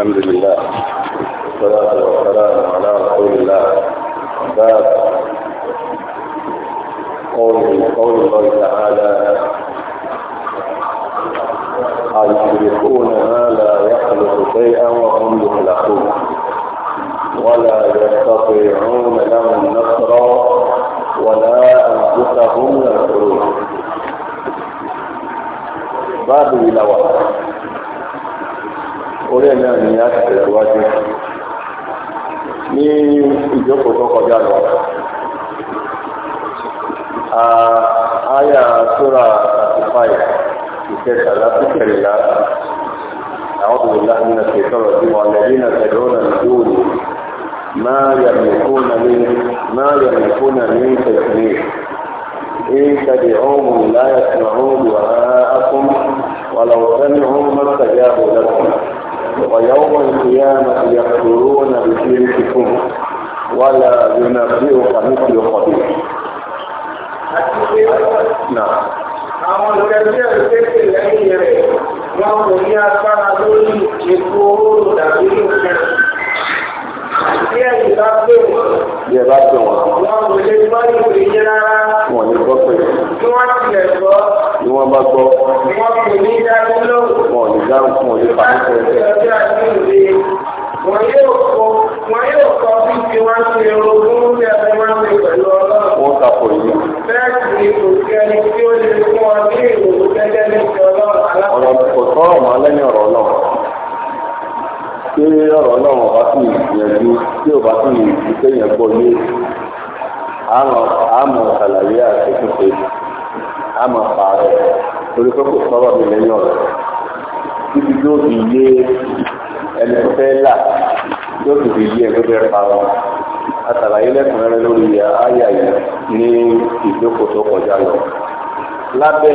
الحمد لله والصلاة والسلام على رسول الله باب قول قول الله تعالى يشركون ما لا يخلق شيئا وهم يخلقون ولا يستطيعون لهم نصرا ولا أنفسهم ينصرون باب لوحة orí ẹ̀ náà ni a ti tẹ̀síwájú ní ìjókòó tó kọjá lọ àyà sóra àtìfáì ìkẹtàlá tó kẹrìnlá àwọn òbílá nínú ṣètọrọ sí wọn lẹ́yìn náà tẹ̀lé ọ̀nà ìdóòlù máa yàmìkónà ní tẹ̀síwájú إن تدعوهم لا يسمعون دعاءكم ولو سمعوا ما استجابوا لكم ويوم القيامة يكفرون بشرككم ولا ينبئك مثل خبير نعم àwọn olùkẹ́jẹ́ ìgbésẹ̀ lẹ́yìn rẹ̀ wọ́n kò ní agbára lórí ètò owó tàbí ìgbésẹ̀ bí ẹ bá pè wọn. wọn kò lè gbọ́ ìwé yẹn rárá. wọn ní gbọ́ pé. bí wọ́n tilẹ̀ gbọ́. bí wọ́n bá gbọ́. wọn kò ní dájú lóhùn. wọn ò ní dáhùn yóò kọ bí ti wọn ṣe orogún bí a ti máa ń ṣe pẹ̀lú ọlọ́run. wọ́n kàpọ̀ yìí. bẹ́ẹ̀ sì ni kò sí ẹni tí ó lè fún ọ ní ìròyìn gẹ́gẹ́ bí ti ọlọ́run alákòóso. ọ̀rọ̀ kò tọ́rọ̀ mọ́ lẹ́yìn ọ̀rọ̀ náà ṣé ọ̀rọ̀ náà wọ́n bá tún ìyẹ̀dú tí ò bá tún ìyẹ̀dú kéèyàn gbọ́ yé àmọ̀ ṣàlàyé àṣekúṣe àmọ̀ pààrọ̀ torí pé kò sọ̀rọ̀ mi lẹ́yìn ọ̀rọ̀ títí yóò fi yé ẹni tó fẹ́ là yóò sì fi yé ẹgbẹ́ bẹ́ẹ̀ parọ́ àṣàlàyé lẹ́kùnrẹ́rẹ́ lórí àyà yìí ní ìjókòó tó kọjá lọ lábẹ́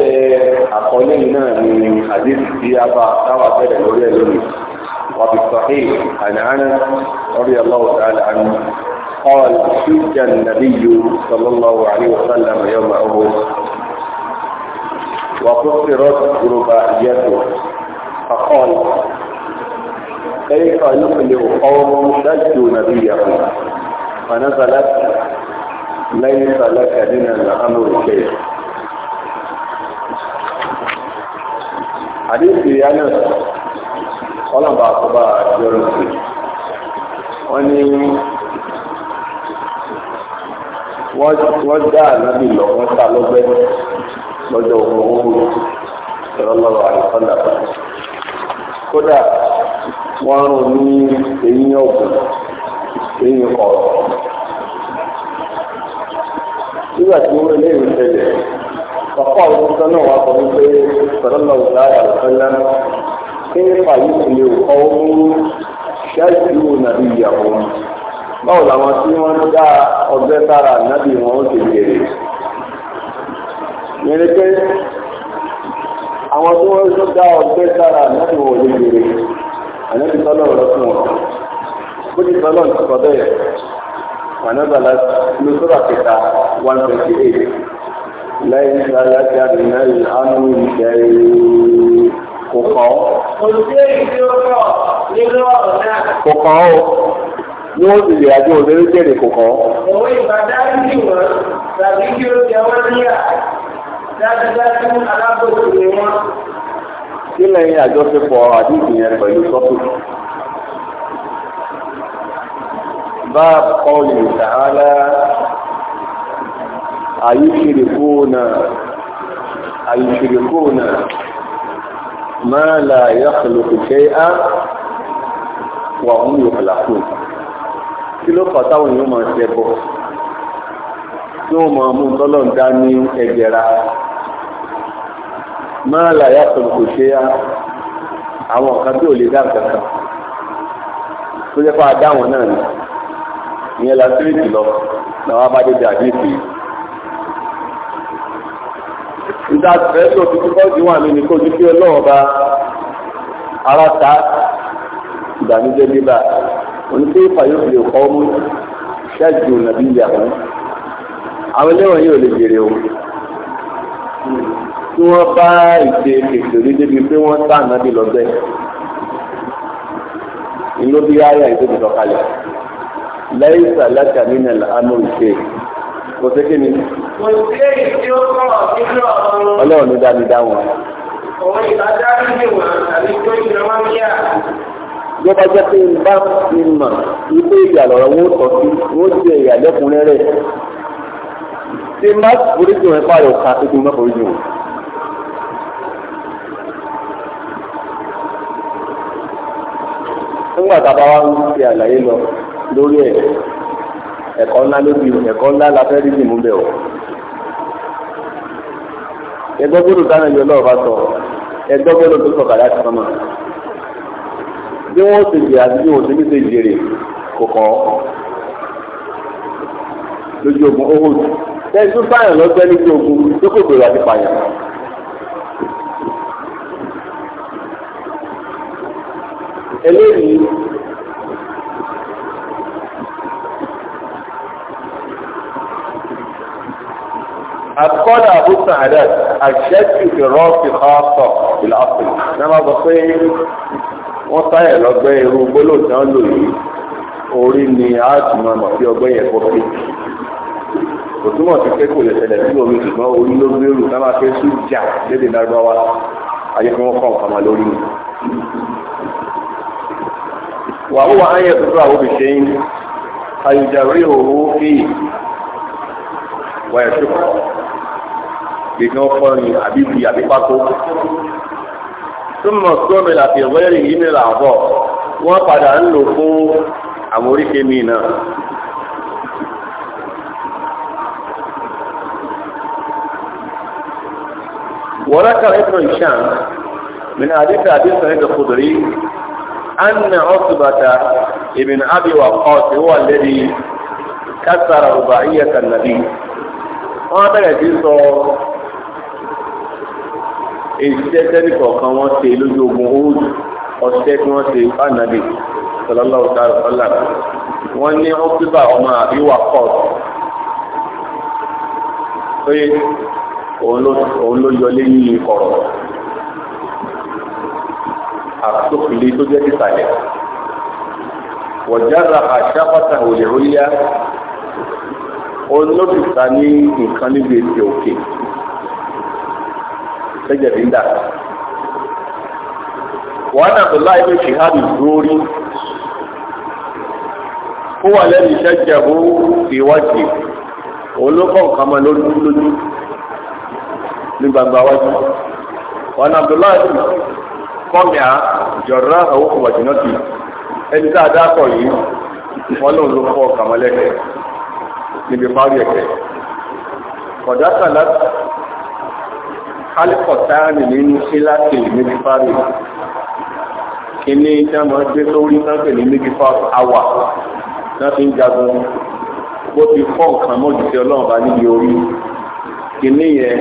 àkọlé yìí náà ni àdéhùn tí a bá táwà bẹ̀rẹ̀ lórí ẹ̀ lónìí. وفي الصحيح عن انس رضي الله تعالى عنه قال شج النبي صلى الله عليه وسلم يوم احد وقصرت رباعيته فقال كيف يخلق قوم شجوا نبيهم فنزلت ليس لك من الامر شيء حديث انس ọlọ́mọba àkọ́bá àjọrò sí wọ́n ní wọ́n dá ànábì lọ wọ́n ta lọ́gbẹ́ lọ́jọ́ ogun owó ìrọlọ́rọ̀ àìsọ́dà kódà wọ́n rún ní eyín ọ̀gbìn eyín kọ̀ọ̀rọ̀ nígbà tí wọ́n lé ìrìn tẹ̀lé ọ̀pọ̀ àwọn ọ̀sán náà wà pọ̀ wípé ìrọlọ́rọ̀ àìsọ́dà kéèfà yìí ti lè kọ́ ohun ṣáàjú nàbí ìyàwó báwo làwọn tí wọ́n dá ọgbẹ́ sára nábì wọn ó ti bèrè yẹnni pé àwọn tí wọ́n dá ọgbẹ́ sára nábì wọn ò lè bèrè ànábì tọ́lọ̀ rẹ fún wọn ó ti tọ́lọ̀ ti sọ bẹ́ẹ̀ wànábàlá lóṣọ́rọ̀ kẹta one twenty eight lẹ́yìn ìgbà láti àdìmẹ́rin ánú ìgbà kò kàn ó. olùdíyẹ tí ó kọ nínú ọ̀rọ̀ náà. kò kàn ó ní wọ́n ti lè àjọ òṣèré jèrè kò kàn ó. òwe ìbádárí jù wọ́n tàbí kí ó jẹ wọ́n níyà dájúdájú alábòsí ni wọ́n. kí lẹ́yìn àjọṣepọ̀ àdéhùn yẹn pẹ̀lú sọ́tò. باب قوله تعالى أيشركون أيشركون ما لا يخلق شيئا وهم يخلقون kí ló fà táwọn èèyàn máa ṣe bọ tí wọn máa mú tọlọ́n dá ní ẹgbẹ̀ra máa làyà sọ̀rọ̀ kò ṣe á àwọn kan tí ò lè dá kankan tó jẹ́ pé a náà ni ìyẹn la síríìtì lọ làwọn abájọ́jà àdéhùn yìí. dá tẹ́lẹ̀ òfin tí bọ́ọ̀dì wà ní nìkan ojú kí ọlọ́run bá ara ta ìbànújẹ́ níbà oníṣẹ́ ìfàyọ̀ fi lè kọ́ mú ṣáàjù nàbí ìyàwó àwọn ẹlẹ́wọ̀n yìí ò lè jèrè o tí wọ́n bá ìṣe kèsìrí débi pé wọ́n sá ànábì lọ́gbẹ́ ìlú bí ayé àìsèkè lọ́kalẹ̀ lẹ́yìn sàlẹ́ kàmínà àmọ́ kò sí kí ni. kò sí èyí tí ó kọ̀ nínú ọ̀run. ọlọ́run ló dábì dá wọn. òun ìbájá nínú wọn àbí tó ìjọba ń yà. Ìjọba jẹ́ pé ń bá ti mọ̀ ilé ìyà lọ́rọ̀ wọn ó tọ́ sí, wọ́n jẹ ìyà lẹ́kùnrẹ́rẹ́. Ṣé má foríjì wọn pààrọ̀ ká tó kí n má foríjì wọn? Nígbà tá a bá wá ń ṣe àlàyé lọ lórí ẹ̀ ẹ̀kọ́ ńlá ló bí ẹ̀kọ́ ńlá la fẹ́ rí sí mú bẹ́ẹ̀ o. ẹgbẹ́ gbọ́dọ̀ dáná yọ lọ́wọ́ bá sọ ẹgbẹ́ gbọ́dọ̀ tó sọ̀kà láti sọ́nà. bí wọ́n ti jẹ àti bí wọ́n ti ní ṣe jèrè kò kàn ọ́. lójú ogun owó tẹ́lẹ̀ tó báyọ̀ lọ́gbẹ́ lójú ogun tó gbèrò àti pààyàn. eléyìí قال أبو سعدات الشك في الراس خاصة بالأصل إنما بصير وصحيح لأبي روبولو تقول له orí ni a ti máa mọ̀ sí ọgbẹ́ yẹn kọ́ sí kò túmọ̀ sí pé kò lè ṣẹlẹ̀ sí omi ṣùgbọ́n orí ló gbèrú ká máa fẹ́ sùn jà lédè lárúbáwá ayé kí wọ́n kọ́ nǹkan máa lórí mi. wà ó wà áyẹ tuntun àwọn òbí ṣe ń ayùjà rí òwò fi wà ẹ̀ṣọ́ gbèsè ọkọ ni àbí fi àbí pákó. súnmọ̀ sọ́mi làfi wẹ́rì yìí ní làbọ̀ wọ́n padà ń lò fún àwọn mi náà. وذكر ابن هشام من حديث أبي سعيد الخدري أن عصبة ابن أبي وقاص هو الذي كسر رباعية النبي. wọ́n bẹ̀rẹ̀ sí sọ èsì ẹsẹ́ni kọ̀ọ̀kan wọ́n ṣe lójú ogun old ọ̀sẹ̀ tí wọ́n ṣe fànàbì sallallahu ta'ala sallam wọ́n ní ọ́fíbà ọmọ àbíwá port pé òun ló yọlé yìí kọ̀rọ̀ àtòkìlì tó jẹ́ tìsàlẹ̀ wọ̀jára àṣàpàtà òlè ó yá òun ta ní nǹkan níbi èsì òkè lẹ́jẹ̀ fi ń dà. wàhánà tó láì pé ṣìhádì lórí ó wà lẹ́nu iṣẹ́ jẹ̀bú ìwádìí olókọ̀ nǹkan mọ́ lórí lójú ní gbangba wájú. wàhánà tó láì pé kọ́mìà jọ̀rọ̀ àwọn òkú wàjú náà ti ẹni tá a dákọ̀ yìí wọ́n lòun ló fọ́ ọkàn níbi parí ẹ̀kẹ́ kọ̀dátà láti alìkọ̀táàrì nínú sí láti méjìfàrí kìíní ìjọmọ̀ gbé sórí sáńpẹ̀ ní méjìfà àwà náà fi ń jagun bó ti fọ́ nǹkan mọ́ jùsẹ̀ ọlọ́run bá níbi orí kìíní yẹn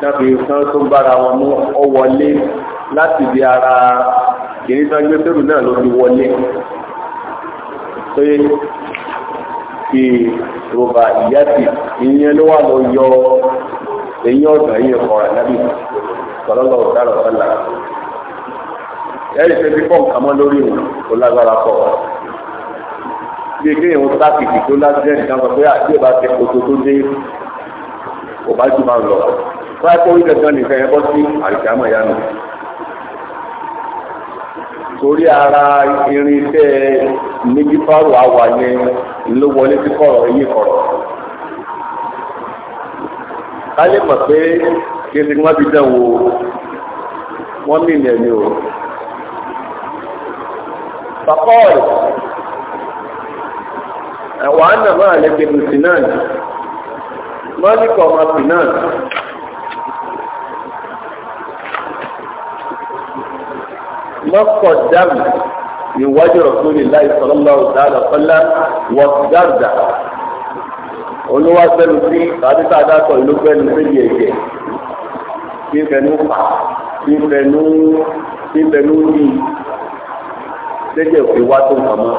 náà fi sán tó ń bára wọn mú ọ wọlé láti di ara kìíní sáń gbé sórí náà ló fi wọlé pé kí rọ̀bà ìyá ti ìyẹn ló wà lọ yọ èyí ọ̀dọ̀ yìí ẹ̀kọ́ rẹ̀ nábì sọlọ́lọ́ ọ̀dàlọ́ sọ́là ẹ̀rí fẹ́ẹ́ fọ́ nǹkan mọ́ lórí mi tó lágbára pọ̀ bí kéèyàn ń sákìtì tó lágbára nǹkan sọ pé àti ah, ìbá ti koto tó dé kò bá jù máa lọ báyìí kó oríṣi ẹ̀sán nìkan yẹn bọ́ sí àìsàmọ̀ ìyá mi torí ara irinṣẹ́ níbi fáwọn àwà yẹn ló wọlé sí kọ̀rọ̀ eyín kọ̀rọ̀ ká lè mọ̀ pé kéde wọ́n ti dán wo wọ́n mì ní ẹni o. Bàkọ́ọ̀lù ẹ̀wà ánà máa lẹ́gbẹ̀ẹ́ ní Sinan, Mọ́líkọ̀ ọmọ Sinan. Mọ́kọ̀ dáàmù ìwájú rọ̀ sórí láì sọ́lọ́lọ́ ọ̀dà àdàkọ́lá wọ́n dáadáa olówó gbẹnu sí tàbí tá a dákọ̀ ìlú gbẹnu síbi ẹ̀jẹ̀ tí ń fẹnu fà tí ń fẹnu tí ń fẹnu yí lẹ́jẹ̀ òfin wá tó nǹkan mọ́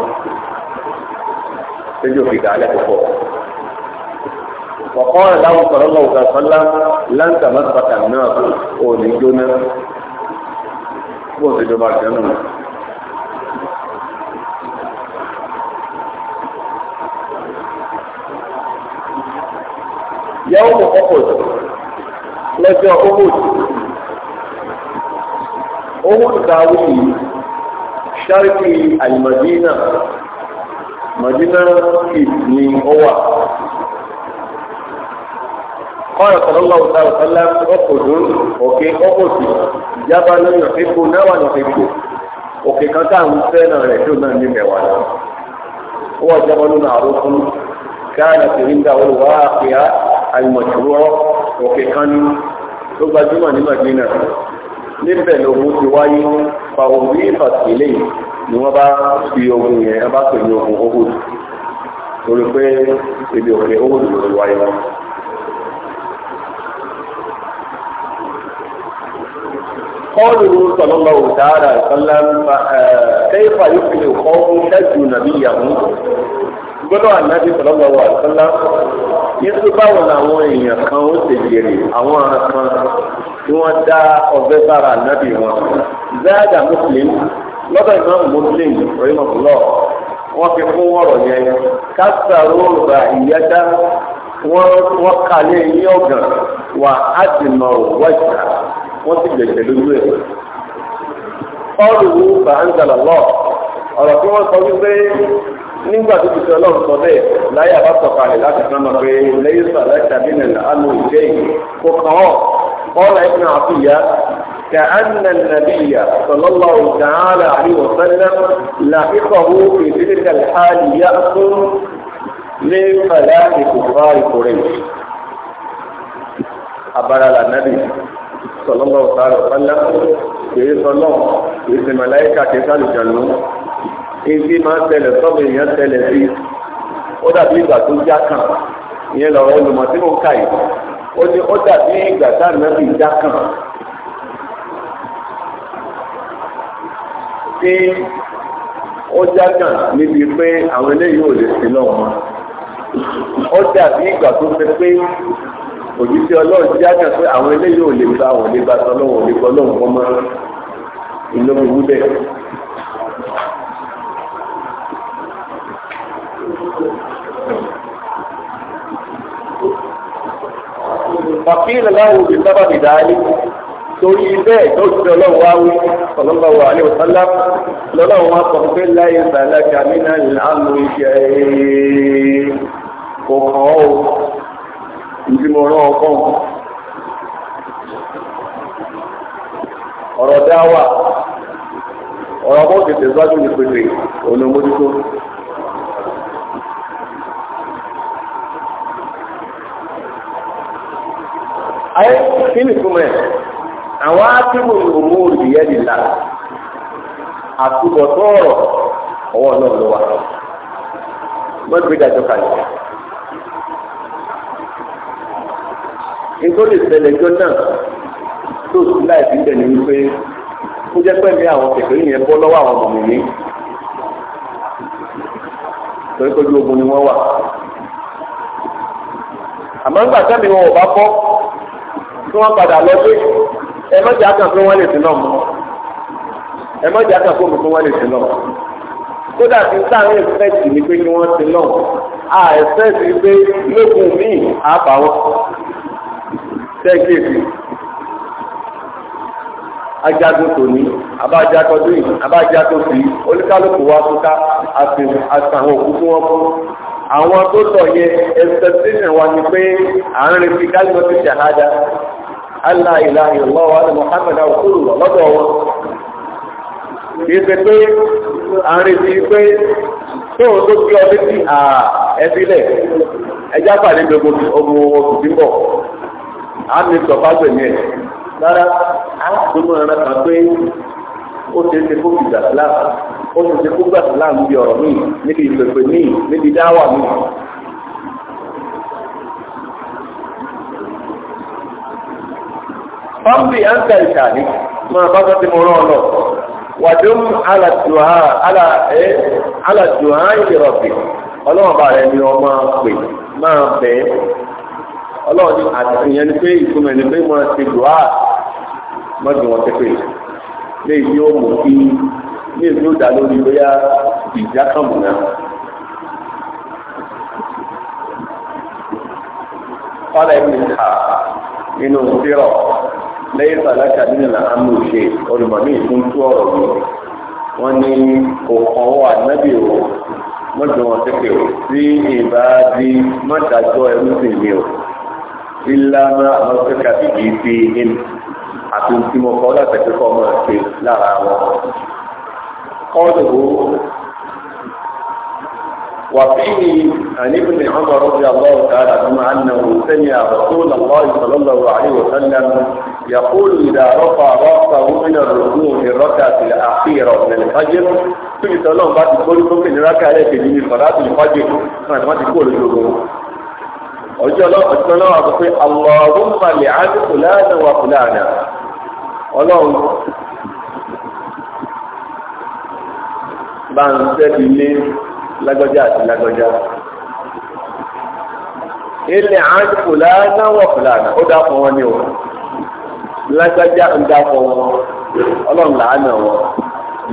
lẹ́jẹ̀ òfin kàálẹ̀ púpọ̀. Ọ̀pọ̀ ọ̀rẹ́ láwọn sọ̀rọ̀ lọ́wọ́ kan láǹkà mọ́tò pàtàkì náà kò ní jóná. Bó o ti jọba jẹ́ nù. yàwó mọ̀ ọ̀pọ̀ jù lọ́jọ́ owó jù owó ìdáwó yìí ṣáàkì àlìmọ̀dínà mọ̀dínà kìí ní ọwà قال صلى الله عليه وسلم اخذ اوكي اخذ جبل يحبنا ونحبه اوكي كان كان سنة رسولنا نموانا هو جبل معروف كانت عنده الواقعة àìmọ̀tòrò òkè kánú tó gbajúmọ̀ ní Madina níbẹ̀ lóògùn ti wáyé fàwọ̀wí ìfàsílẹ̀ ni wọ́n bá fi ogun yẹn wọ́n bá pè ní ogun Uhud torí pé ibi òkè Uhud ló ti wáyé wọn. قوله صلى الله تعالى وسلم كيف يفلح قوم شجوا نبيهم gbọ́dọ̀ ànábì sọlọ́gbà wà sọ́lá yíṣu báwo làwọn èèyàn kan ó ṣe jèrè àwọn kan tí wọ́n dá ọbẹ̀ sára ànábì wọn záàdà muslim lọ́dọ̀ ìmáàmù muslim rahimahullah wọ́n fi fún ọ̀rọ̀ yẹn kásáró ra ìyájá wọ́n kàlẹ́ yín ọ̀gàn wà á sì mọ̀ wájà wọ́n sì gbẹ̀gbẹ̀ lójú ẹ̀. ọ̀rùn wù bá ń tí wọ́n sọ wípé nígbà tó ti sọ lọ́wọ́ sọ bẹ́ẹ̀ láyé àbá kalẹ̀ láti fẹ́ mọ̀ pé lẹ́yìn sọ aláìsà bí nàìjíríà àmọ́ ìjẹ́ yìí kò kàn ọ́ ọ̀rọ̀ ẹ̀sìn àfihàn كأن النبي صلى الله تعالى عليه وسلم لحقه في تلك الحال يأكل لفلاح كفار قريش abara la nabi sallallahu alaihi wa sallam kìí sọlọ kìí sèmàláyíkà kìí sálùjànú ebi máa tẹlẹ sọmọ èèyàn tẹlẹ sí ó dàbí ìgbà tó já kàn ìyẹn lọ́rọ̀ olùmọ̀ tí mo ń kà yìí ó ní ó dàbí ìgbà tá ànábì já kàn tí ó já kàn níbi pé àwọn eléyìí ò lè sí lọ́wọ́ ó dàbí ìgbà tó fẹ́ pé òjijì ọlọ́run já kàn pé àwọn eléyìí ò lè gba àwọn lè gba sọ lọ́wọ́ lè gbọ́ lọ́wọ́ kọ́ mọ́ ìlú mi wú bẹ́ẹ̀. fàfíìlì láwù bí sábà bìdáálí torí bẹ́ẹ̀ tó ti ọlọ́run wá wí sallallahu alaihi wasallam lọ́lọ́run wá sọ pé láyé bàlákà nínú àmì ìṣe kò ọ̀rọ̀ dáwà ọ̀rọ̀ bó tètè gbájú mójútó ayé kí ni kúmọ̀ ẹ̀ àwọn akíwò òmò òrìyẹ lè la àtúbọ̀tọ̀ ọ̀rọ̀ ọwọ́ náà ló wà wọ́n gbé dájọ́ kalẹ̀. nítorí ìṣẹ̀lẹ̀ ìjọ náà tó sí láìpẹ́ ìbẹ̀ ni wípé ó jẹ́ pẹ́ ní àwọn kẹ̀kẹ́ yẹn bọ́ lọ́wọ́ àwọn ọmọ mi torí pé ojú ogun ni wọ́n wà. àmọ́ nígbà tẹ́mi wọn ò bá bọ́ tí wọ́n padà lọ pé ẹ má jà kàn fún wọn lè sí náà mọ́ ẹ má jà kàn fún mi fún wọn lè sí náà kódà tí sáàrin ẹ̀fẹ́ẹ̀tì ni pé kí wọ́n ti náà a ẹ̀fẹ́ẹ̀tì pé lókun míì àbáwọ̀ tẹ́gẹ̀ẹ́sì ajagun tòní abájátọdún yìí abájátọsí oníkálùkù wa fúnká àtàwọn òkú fún wọn fún àwọn tó tọ̀ yẹ expectation wa ni pé à ń retí kálímọ́tì ṣàhádà Allah ilaha illallah wa Muhammad àwòkúrò lọ́dọ̀ wọn. Kìí ṣe pé à ń retí pé tóun tó fi ọdún sí ẹbílẹ̀ ẹjá pàdé gbogbo ọmọ oṣù tí ń bọ̀. À ń ní sọ̀fà gbẹ̀mí ẹ̀. Rárá, a ń gbóná ẹran kan pé ó ṣe ṣe fún ìgbà Ó ṣe ṣe fún ìgbà síláàmù ọ̀rọ̀ míì níbi ìpèpè míì níbi dáwà míì. fọ́nbì à ń ka ìṣàlì máa bá tọ́tí mo rán ọ lọ. wàdùn alàdùhà alàdùhà ìrọ̀bì ọlọ́run bá rẹ̀ ni wọ́n máa pè máa bẹ̀ ẹ́. ọlọ́run ní àtìyẹn ni pé ìfúnmi ni pé máa ti dùhà mọ́jú wọn pépè léyìí yóò mú kí ní ìlú ìdá lórí bóyá ìjà kàmùnà. قال ابن إسحاق إنه سيرة lẹ́yìn sàlákà nínú làánú ṣe olùmọ̀mí ìfún tú ọ̀rọ̀ mi wọ́n ní kò kọ́wọ́ ànábì o mọ́tò wọn tẹ́kẹ̀ o sí ìbáàdí mọ́tàjọ́ ẹrú sì mi o ìlànà àwọn tẹ́kà bìbí sí in àti tí mo kọ́ láti ọmọ ṣe lára wọn. kọ́ọ̀dù وفيه عن ابن عمر رضي الله تعالى عنهما انه سمع رسول الله صلى الله عليه وسلم يقول اذا رفع راسه من الركوع في الركعه الاخيره من الفجر ثم صلى الله عليه وسلم في الركعه التي من صلاه الفجر فما تقول الجمهور ọjọ́ ọlọ́pàá tí wọ́n wà pé allahumma li'an fulana wa fulana ọlọ́run bá ń sẹ́bi lé lágbájá àti lágbájá ilẹ̀ àti fúlànà wọ̀ fúlànà ó dá fún wọn ní o lágbájá ń dá fún wọn ọlọ́run làánà wọn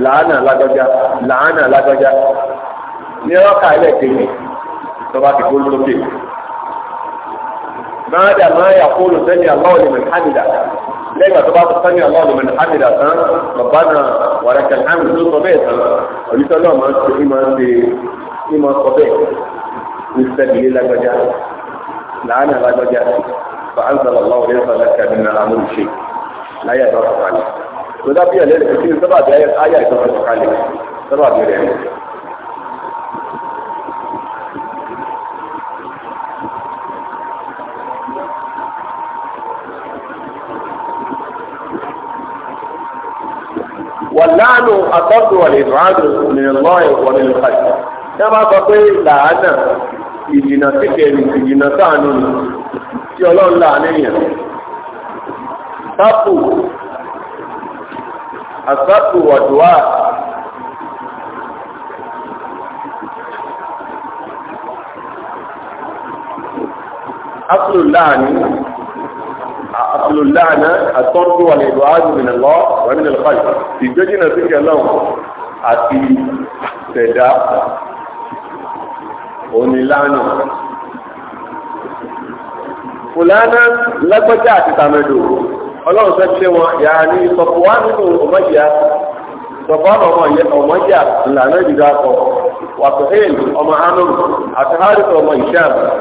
làánà lágbájá làánà lágbájá ní ọkà ilẹ̀ kejì tọba ti kó lókè máa dà máa yà kó àlọ́ lẹ́gbà tó bá tó sani ọlọ́run lọ́mọ ní hamida tán bàbá náà wàrà kàlhámi tó sọ bẹ́ẹ̀ tán onítọ́ náà máa ń ṣe ìmọ̀ ṣe ìmọ̀ sọ bẹ́ẹ̀ ní sẹ́bìlì lágbájá làánà lágbájá fa an sọ̀rọ̀ ọlọ́run yẹn sọ̀rọ̀ kàbí náà àmú ìṣe láyé àtọ́ sọ̀kalẹ̀ tó dábìyà lẹ́nu kò sí sábàbí ayé àtọ́ sọ̀kalẹ̀ sábàbí rẹ̀ àlànà àtọ́tù àlèbàádù mìíràn ẹ̀kọ́ nínú káyọ̀. Ṣé máa sọ pé làánà ìdìnà síkẹ̀rì ìdìnà sáànù ni tí ọlọ́run láàánú yẹn. Sápù àsápù wàdùwà Afro أهل اللعنة الطرد والإبعاد من الله ومن الخير ìgbéjìnà sí kẹlọ́n àti tẹ̀dá onílànà fúlànà lágbájá àti tàmẹ́dò ọlọ́run fẹ́ ṣe wọn yà ní sọ̀fọ́wá nínú ọmọdíà sọ̀fọ́wá ọmọdíà ìlànà ìdíjà kọ wàtò hale ọmọ hánú àti hárìsọ ọmọ ìṣẹ́ àbúrò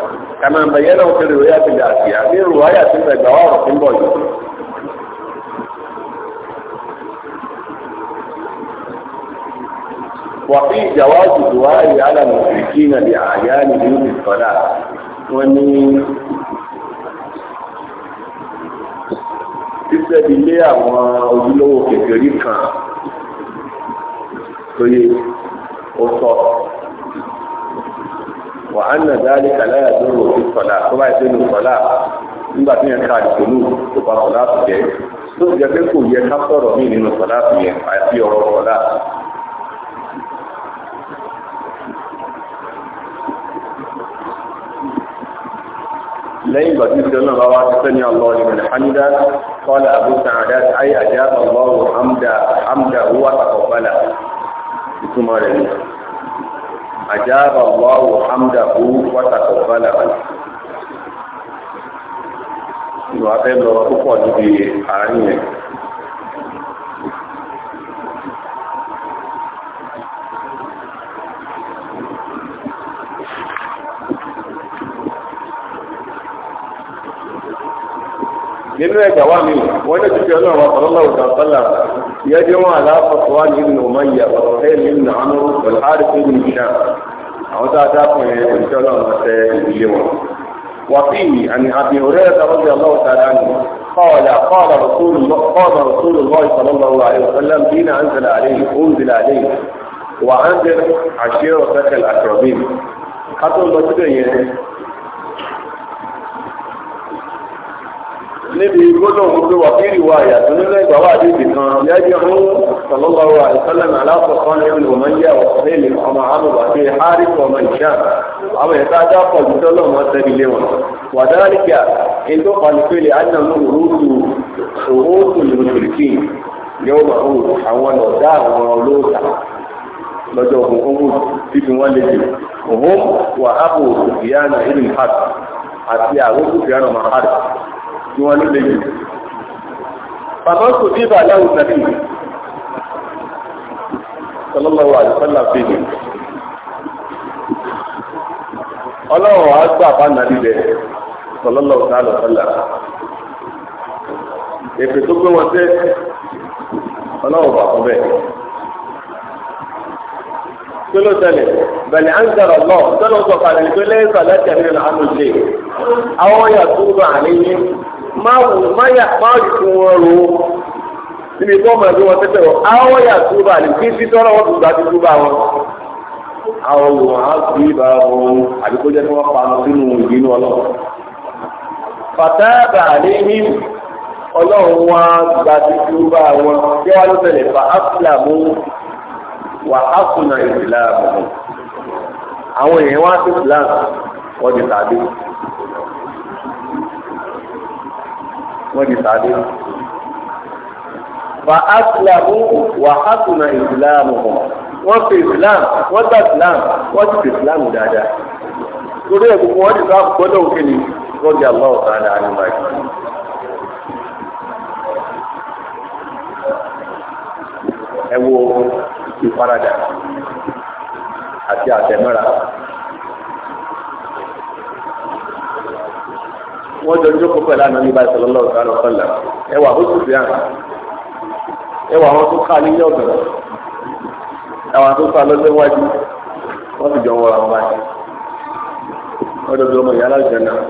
كما بينه في الروايات الآتية هذه الروايات تبقى جوار في البوية وفي جواز الدعاء على المشركين بأعيانهم في الصلاة ومن títẹ́bi lé àwọn ojúlówó kékeré kan tó yẹ ó sọ wà á nà dáálé kàláyà tó rò sí sọ̀lá tó bá ìpinnu sọ̀lá nígbà tí yẹn ká àdìgbòlù tó bá sọ̀lá tó jẹ́ tó jẹ́ pé kò yẹ ká sọ̀rọ̀ mí nínú sọ̀lá tó yẹn àti ọ̀rọ̀ sọ̀lá. لين بديل سيدنا الله سمع الله لمن حمدا قال أبو سعدات أي أجاب الله حمدا حمدا هو تقبله ثم رأيه أجاب الله حمده وتقبله ìlú abẹ́ lọ púpọ̀ níbi àárín ẹ̀. nínú ẹgbàá wa mi wọ́n ní ti fi ọlọ́run ọ̀pọ̀lọpọ̀ òjò ọ̀pọ̀lọpọ̀ يجمع على صفوان بن أمية وسهيل بن عمرو والحارث بن هشام أو تعتقد إن شاء الله اليوم وفيه عن أبي هريرة رضي الله تعالى عنه قال قال رسول الله قال رسول الله صلى الله عليه وسلم فينا أنزل عليه أنزل عليه وأنزل عشيرتك الأكرمين حتى المسجد يعني níbi gbólóhùn pé wà fí ìwà àyàtọ̀ nínú ìgbà wà àdéhùn kan yájẹ́ fún sọlọ́gbàwọ̀ àìsálẹ̀mù aláfọ̀kan ní ìlú ọmọ yẹ ọ̀sẹ̀ ilé ọmọ àmọ̀wà bíi hárìkù ọmọ ìṣá àwọn ẹ̀ka ajá pọ̀ ju tọ́lọ́mọ sẹ́bílé wọn. wàdálíkà ètò pàlùpẹ̀lẹ̀ àjànú òwúrú òwúrú lùmùsùlùkì yóò máa wù àwọn ọ̀dá àwọn olóòtà lọ́jọ́ òhun òhun ni wọ́n ló lè yìí bàbá kò dé bà láwù nàbí sọlọ́lọ́wọ́ àdìsọ́lá fèdè ọlọ́wọ́ á gbà bá nàbí rẹ̀ sọlọ́lọ́wọ́ sálọ̀ sọ́lá èpè tó gbé wọn sẹ́ ọlọ́wọ́ bà fún bẹ́ẹ̀ tolo tẹlẹ bẹlẹ anzara lọ tolo sọ kalẹ nítorí lẹ́yìn sọlá tẹlẹ nínú àmì ṣe àwọn yàtúbà àníyí má yà má yìí wọn ro níbi kí wọ́n mọ̀ ẹgbẹ́ wọn tẹ́tẹ́ wọn àwọn yà túbà ní kí sí tọ́lọ́ wọn tó gbà tó túbà wọn. àwọn olùwọ̀n á fi ibà wọn àdìgbò jẹ́ kí wọ́n pa wọn sínú ìbínú ọlọ́run. fàtàbà àléhìn ọlọ́run wá gba títí bá wọn tí wọ́n ló tẹ̀lé fa áfílámù wà áfùnà ìsìlámù. àwọn èèyàn wá sí ìsìlámù wọ́n ti tàbí. wọ́n di sáré. Fa Asilamu wà Hasuna Ìsìlámù hàn. Wọ́n fi Ìsìlámù, wọ́n gba Ìsìlámù, wọ́n ti fi Ìsìlámù dáadáa. Torí ẹ̀ gbogbo wọn ti sá gbọ́dọ̀ òkè ni wọ́n di Allah ọ̀tàdà àníwá yìí. Ẹ wo ìfaradà àti àtẹ̀mọ́ra. wọ́n jọ jókòó pẹ̀lú àná nígbà ìṣẹ̀lẹ̀ lọ́wọ́ sálọ sọ́là ẹwà ó sì fi hàn ẹwà wọn tó ká níyàn ọ̀gbìn ẹwà tó ká lọ́jọ́ wájú wọ́n sì jọ wọ́n àwọn wájú wọ́n jọ bí ọmọ ìyá alájọ náà.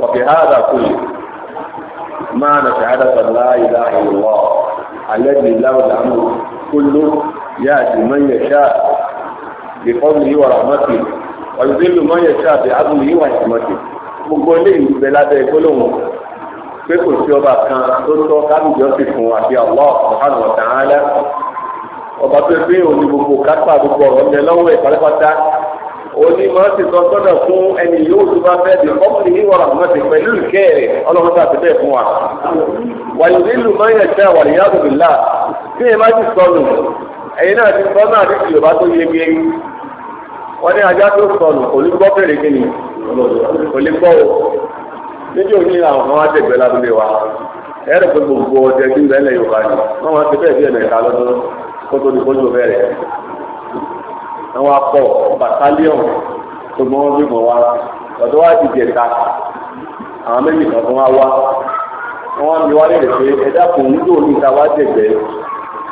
وفي هذا كله معنى شهادة لا إله إلا الله الذي له الأمر كله يأتي من يشاء بفضله ورحمته ويذل من يشاء بعدله ورحمته gbogbo eléyìí ń bẹ lábẹ́ gbólóhùn pé kò sí ọba kan tó tọ́ kábíjọ́ sì fún àti Allah subhanahu wa ta'ala ọba tó fi hàn ní gbogbo kápá gbogbo ọ̀rọ̀ ọ̀jẹ̀ lọ́wọ́ ẹ̀ pátápátá òní máa ti sọ sọ́dọ̀ fún ẹni yóò tó bá fẹ́ di ọmọdé níwọ̀n àmọ́tì pẹ̀lú ìkẹ́ rẹ̀ ọlọ́run tó àti bẹ́ẹ̀ fún wa. wàyí nílùú máa ń yẹ̀ ẹ̀yin náà ti gbọ́ náà ní Yorùbá tó yege wọ́n ní ajá tó sọnù kò ní gbọ́ fèrè kí ni kò o níjó ní àwọn ọmọ àtẹ̀gbẹ́ lábúlé wa ẹ̀rọ pé gbogbo ọdẹ tí ń bẹ́ẹ̀ Yorùbá ni wọ́n wá ti bẹ́ẹ̀ bí ẹ̀nà ìka lọ́dún kó tó ní kójú bẹ̀rẹ̀ àwọn akọ bàtálíọ̀n tó mọ́ mímọ́ wa ọ̀dọ́ wa ti jẹ̀ta àwọn méjì kan tó wá wá wọ́n wá mi wá lè rè pé ẹ̀dá kò ń dò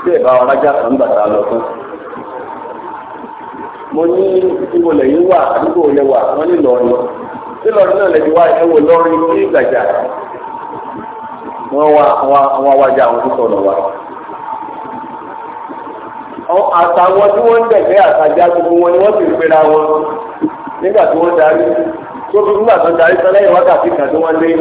tí ẹ̀ bá wa rájà kan bàtà lọ fún. mo ní ìwò lẹ́yìn wà àdúgbò lẹ wà wọ́n ní lọ́ọ̀rì tí lọ́ọ̀rì náà lẹ́yìn wá ẹ̀wò lọ́ọ̀rì ní ìgbàjà wọ́n wá wa. àtàwọn tí wọ́n ń dẹ̀gbẹ́ àtàjà gbogbo wọn ni wọ́n sì ń pera wọn nígbà tí wọ́n darí tó fi nígbà tó darí sọ lẹ́yìn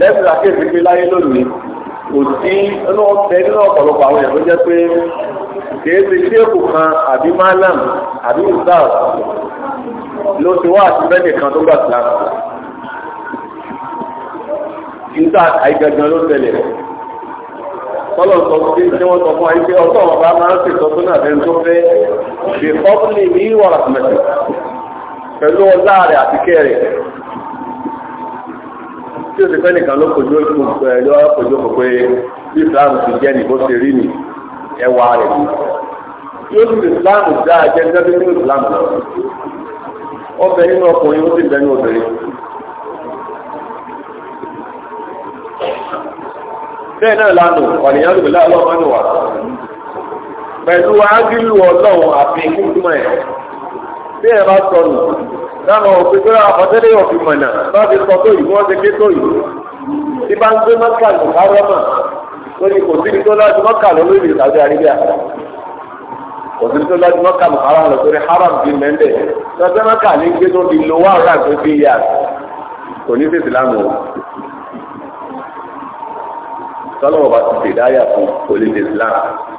lẹ́sìn àkéèsí pé láyé lónìí kò sí ọlọ́ọ̀fẹ́ nínú ọ̀pọ̀lọpọ̀ àwọn èèyàn jẹ́ pé kìí ṣe ṣéèkù kan àbí malam àbí abi ló ti wá àti bẹ́ẹ̀ nìkan tó gbà sílámù nígbà àìgangan ló tẹ̀lé tọ́lọ̀ sọ pé tí wọ́n sọ fún máa ń tó fẹ́ ṣe ní tí o ti fẹ́ nìkan ló kojú ló kojú kò pé Islam ti jẹ́ nìbó ṣe rí ni ẹwà rẹ̀ ni yóò ti Islam dáa jẹ́ nígbàdí ní Islam lọ ọbẹ̀ nínú ọkùnrin ó sì bẹ̀ ní obìnrin. bẹ́ẹ̀ náà lánàá ọ̀nìyàn ló láàlọ́ mọ́nù wà pẹ̀lú ágílù ọlọ́run àfi ẹ̀. bí ẹ bá sọ nù dáhùn òfin tó yàrá àfọ̀tẹ́lẹ̀ òfin mọ̀nà bá fi sọ tó yìí wọ́n ti ké tó yìí tí bá ń gbé mọ́kà lù kárọ́mà ó ní kò síbi tó láti mọ́kà lọ lórí ìtàgé àríyá kò síbi tó láti mọ́kà lù haram lọ sórí haram fi mẹ́ndẹ̀ lọ́sẹ̀ mọ́kà ní gbé tó fi lo wàhálà tó fi yà kò ní sí ìsìlámù o sọlọ́wọ́ bá ti ṣèdáyà fún olè ìsìlámù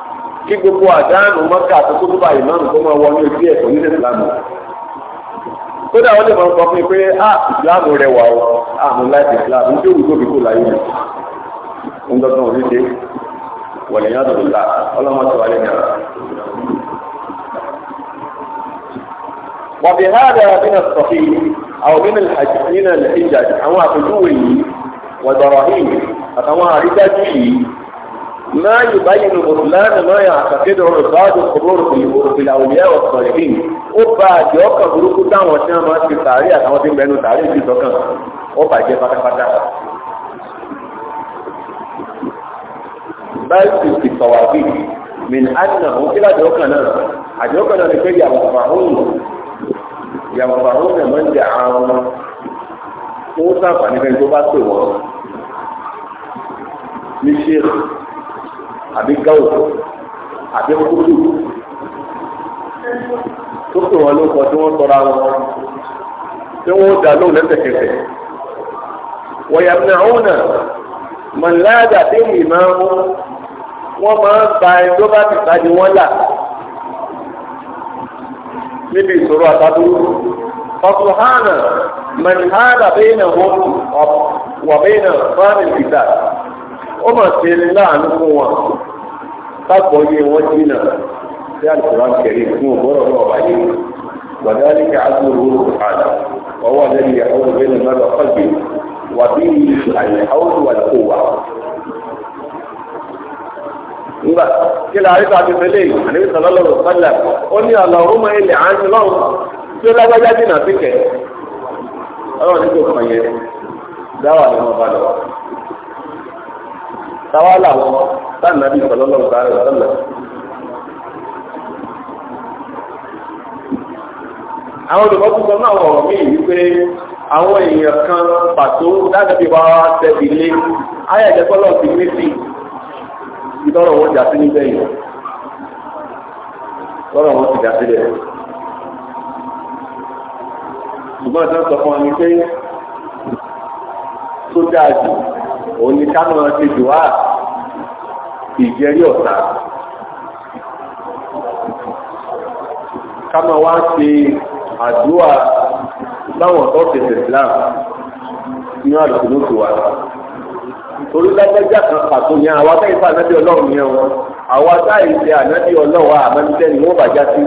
kí gbogbo àdánù mọ́kà àtúntò tó bá ìmáàmù tó máa wọlé ojú ẹ̀kọ́ nílẹ̀ ìsìlámù. kódà wọ́n lè máa sọ fún mi pé a ah, ìsìlámù rẹ̀ wà ó àmú ah, láti ìsìlámù ní òwúrò bí kò láyé mi. ń dọ́gbọ́n orí ṣe wọ̀lẹ̀ yàtọ̀ tó ta ọlọ́mọ tó wálé nìyàrá. wàbí hàdà bí na sọ̀fì àwọn bí na ìjà àwọn àpèjúwe yìí wàdọ̀rọ̀ yìí àtàwọn àrídájú yìí ما يبين بطلان ما يعتقده عباد القبور في الأولياء والصالحين أبا جوكا بروكو تان وشنا ما في تاريخ أو في بينو تاريخ في سوكا أبا جي فتا فتا بل في الصوابين من أنه إلى جوكا ناس أجوكا ناس كي ينفعون ينفعون من دعاهم موسى فنفن جوبا سوى لشيخ àbí gáwò àbí kúlù tó pè wọn lóko tí wọ́n sọra wọn tí wọ́n dà lóhùn lẹ́sẹ̀kẹsẹ̀ wọ̀yàmìnà òun náà mọ̀láyàdà tí èyí máa ń wọ́n máa ń ba ẹni tó bá ti sáájú wọn là níbi ìṣòro àtàdúró ọ̀sùn hánà mọ̀láyàdà bẹ́ẹ̀ náà wọ́n wà bẹ́ẹ̀ náà fáwọn ìgbà ó mà ṣe ni láàánú fún wọn kápọ̀ yé wọn jìnnà sí àlùkòrá kẹrì fún òbọ̀rọ̀ náà wáyé وذلك عدل الله سبحانه وهو الذي يحول بين المرء وقلبه وبه الحول والقوة nígbà kí la àríkà ti fẹlẹ yìí àníbi sọlọlọ ló sọlẹ ó ní àlọrùmọ ilẹ̀ àánú lọ́rùn tí ó lágbájá dínà sí kẹ Ọlọ́run ní táwa làwọn táwọn nàbí ìfọlọ́lọ́ sáré ọ̀sánà. àwọn olùkọ́ tó sọ náà wọ̀ mí wípé àwọn èèyàn kan pàtó dáadáa bí wàá tẹ̀bi lé ayẹ̀dẹ́gbọ́lọ́ ti ní sí ìtọ́rọ̀ wọn jà sí níbẹ̀ yìí tọ́rọ̀ wọn ti jà sílẹ̀ ṣùgbọ́n ìtàn sọ fún wa ni pé sójà jù òun ni ká máa ṣe dùwà ìjẹ́rí ọ̀tá ká máa wá ṣe àdúrà láwọn ọ̀tọ́ tẹ̀sẹ̀ Islam ní àdùkú ló ti wà olùdájọ́jà kan pàtó yẹn àwa táyì fún ànábì ọlọ́run yẹn wọn àwa táyì ṣe ànábì ọlọ́run àmọ́tẹ́ ni wọ́n bàjá sí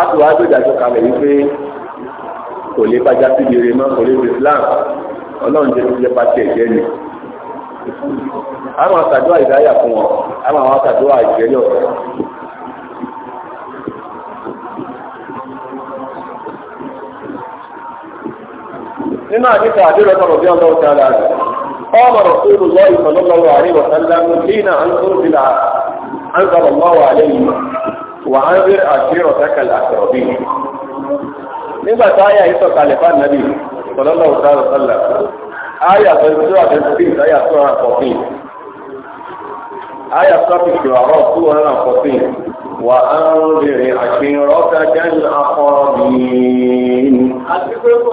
àtúwájú ìdájọ́ kalẹ̀ wípé kò lè bàjá sí ìrè kò lè fi Islam ọlọ́run jẹ́ jẹ́ bá tiẹ̀ jẹ́ ni àwọn àtàdúrà ìdáyà fún wọn àwọn àwọn àtàdúrà ìjẹ́lẹ̀ ọ̀fẹ́ nínú àdíkà àdírẹ́tọ̀ rọ̀bí ọlọ́run tààrà rẹ̀ قام رسول الله صلى الله عليه وسلم حين انظر بلا انزل الله عليه وانذر عشيرتك الاقربين nígbà táyà ìsọ̀kalẹ̀ fún ànábì sallallahu alaihi wa sallam aya twenty two and twenty six aya two hundred and fourteen aya traffic to arọ two hundred and fourteen wà á ń rìnrìn àṣeyọrọ kájà ní akọrin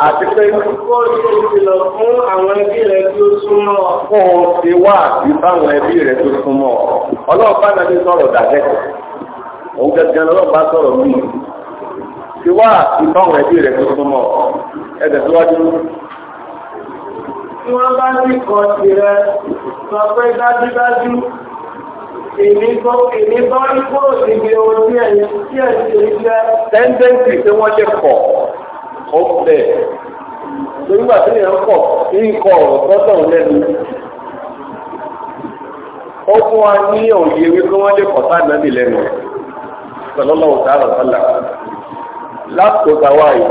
àti pé kó ṣe ìkìlọ̀ fún àwọn ẹbí rẹ̀ tí ó súnmọ́ fún un ti wá àti báwọn ẹbí rẹ̀ tó súnmọ́ ọlọ́ọ̀bá náà ti sọ̀rọ̀ dàgẹ́kọ̀ọ́ òun gẹ́gẹ́ ọlọ́ọ̀bá sọ̀rọ̀ míì ti wá àti ẹbí rẹ̀ tó súnmọ́ ẹ̀dẹ̀ síwájú. Tí wọ́n bá ní kan sí rẹ, sọ pé dájúdájú, èmi bọ́ ikú òsìgbè ohun tí ẹ̀ tí ẹ̀ ṣe iṣẹ́. Tẹ́ńtẹ́ǹtì tí wọ́n ṣe kọ̀, ó bẹ̀. Lórígbà tí èèyàn kọ̀, kí n kọ ọ̀rọ̀ tọ́tọ̀ lẹ́nu. Ó fún wa ní òye wípé wọ́n lè kọ̀ sáà náà nì lẹ́nu. Sọlọ́lọ́ òtá àrọ̀ sọ́là. Láàpù wáyé.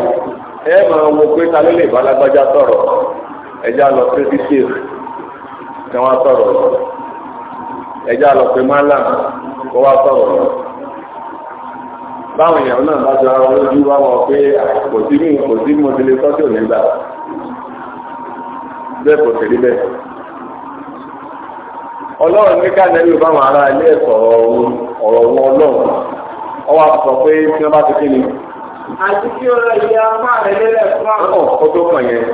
ẹ máa wo pé ta ló lè bá tọrọ ẹja ẹjá lọ pé tọrọ kí wọ́n sọ̀rọ̀ ẹjá lọ pé málà kó wá sọ̀rọ̀ báwọn èèyàn náà bá jọ ara lójú wá wọn pé kò sí kò sí mo ti lè òní gbà bẹ́ẹ̀ kò sí rí bẹ́ẹ̀ ọlọ́run ní ká báwọn ará ilé ẹ̀kọ́ àti kí o lọ yẹ apá rẹ lélẹ̀ fún àpọ̀. ó tó kàn yẹn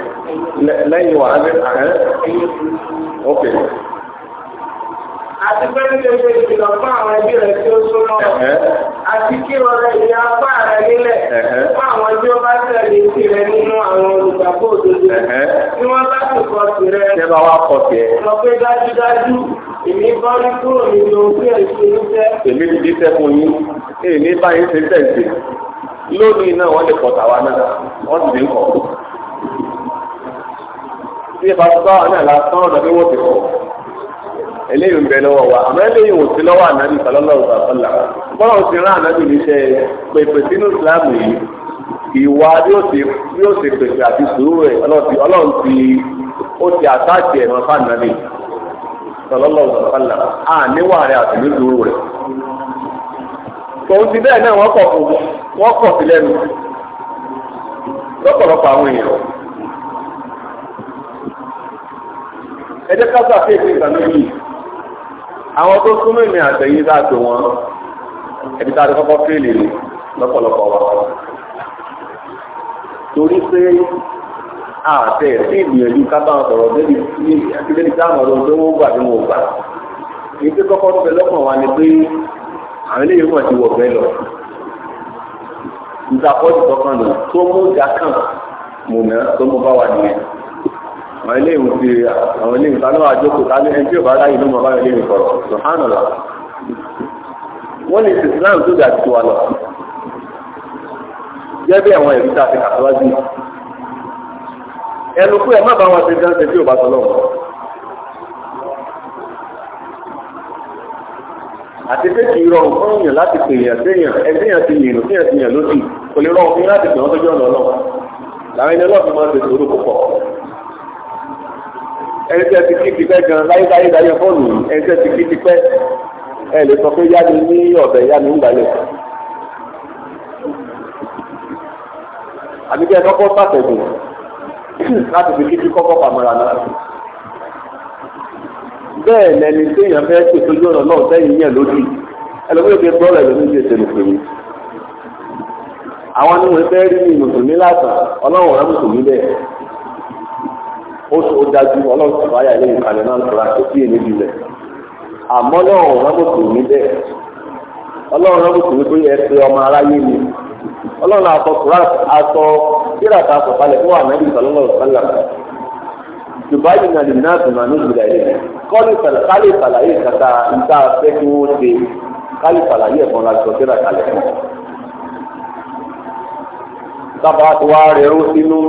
lẹ́yìn wà á lé ok. àti bẹ́ẹ̀ ni o ṣe ìkìlọ̀ fún àwọn ẹbí rẹ tí ó súnmọ́. àti kí o lọ yẹ apá rẹ lélẹ̀ fún àwọn tí ó bá tẹ̀lé sí rẹ nínú àwọn olùgbàgbọ́ òdodo. tí wọ́n bá sì kọ sí rẹ. ṣé bá wà kọ sí ẹ. lọ pé dájúdájú èmi bá rí kúrò nínú ojú ẹ̀ ṣe ń jẹ́. èmi ti dí sẹ́kùn yín èmi báyìí ṣe tẹ̀sí. lónìí náà wọ́n lè kọ̀ tàwa náà wọ́n sì lè kọ̀. náà la sán ọ̀nà bí wọ́n ti kọ̀. Eléyìí ń bẹ lọ́wọ́ wa, àmọ́ eléyìí ò sí lọ́wọ́ ànábì sallallahu Bọ́lá ò rán ànábì níṣẹ́ pèpè sínú ìsìláàmù yìí. Ìwà ṣe àti sùúrù rẹ̀ ọlọ́run ti ó ti àtàkì ẹ̀rọ fáànàbì tòun ti bẹ́ẹ̀ náà wọ́n kọ̀ fún wọ́n kọ̀ sí lẹ́nu lọ́pọ̀lọpọ̀ àwọn èèyàn. ẹ jẹ́ ká sàkéèsì ìgbà méjì àwọn tó súnmọ́ ìmì àtẹ̀yìn tá a tó wọn ẹbí tá a ti kọ́kọ́ fèlè ni lọ́pọ̀lọpọ̀ wa. torí pé àtẹ sí ìgbìyànjú ká bá wọn sọ̀rọ̀ débi ní àti débi táwọn ọ̀dọ́ tó wọ́n gbà tí wọ́n gbà. èyí tó kọ́kọ́ fẹ́ àwọn eléyìí wọn ti wọ bẹ́ẹ̀ lọ nígbà pọ́ọ̀tù kọ̀ọ̀kan nù tó mú ìjà kàn mùnà tó mú bá wà nìyẹn àwọn eléyìí wọn ti àwọn eléyìí ta ló wà jókòó ta ló ẹni tí ò bá láyé ló mọ bá eléyìí kọ̀rọ̀ sọ̀hánà wọ́n lè ṣe Islam tó dà tó wa lọ gẹ́gẹ́ àwọn ẹ̀rí tá a fi kàtàwájú ẹnu kú ẹ̀ má bá wọn ṣe dáńṣe tí ò bá tọ́lọ́wọ́ àti pé kì í rọrùn fún èèyàn láti pè èèyàn séèyàn ẹgbẹ́yàn ti yìnbọn séèyàn ti yàn lóṣù kò lè rọrùn fún láti pè wọ́n sójú ọ̀nà ọlọ́run làwọn ẹni ọlọ́run máa ń ṣe sòrò púpọ̀ ẹni tẹ́ ti kí ti pẹ́ gan láyé láyé láyé fóònù ẹni tẹ́ ti kí ti pẹ́ ẹ lè sọ pé yá mi ní ọ̀bẹ yá mi ń gbalẹ̀ àbíkẹ́ kọ́kọ́ pàtẹ́gùn láti fi kí ti kọ́kọ́ pàmọ́ra náà bẹ́ẹ̀ lẹni téèyàn fẹ́ pè sójú ọ̀nà náà sẹ́yìn yẹn lódì ẹlòmíì ti gbọ́ rẹ̀ lórí ìṣẹ̀lẹ̀ mùsùlùmí. àwọn ni fẹ́ rí ní mùsùlùmí ọlọ́run mùsùlùmí bẹ́ẹ̀. ó sọ dájú ọlọ́run náà sọ̀rọ̀ èmi bilẹ̀. àmọ́ ọlọ́run mùsùlùmí bẹ́ẹ̀. ọlọ́run mùsùlùmí dubai na lè ná àtùmá ní ìgbìlẹ̀ yìí kọ́lì kálí ìfàlàyé kàtà níta fẹ́ kí wọ́n ṣe kálí ìfàlàyé ẹ̀fọn la sọ síra kalẹ̀ fún. sábà tó wá rẹ̀ ó sínú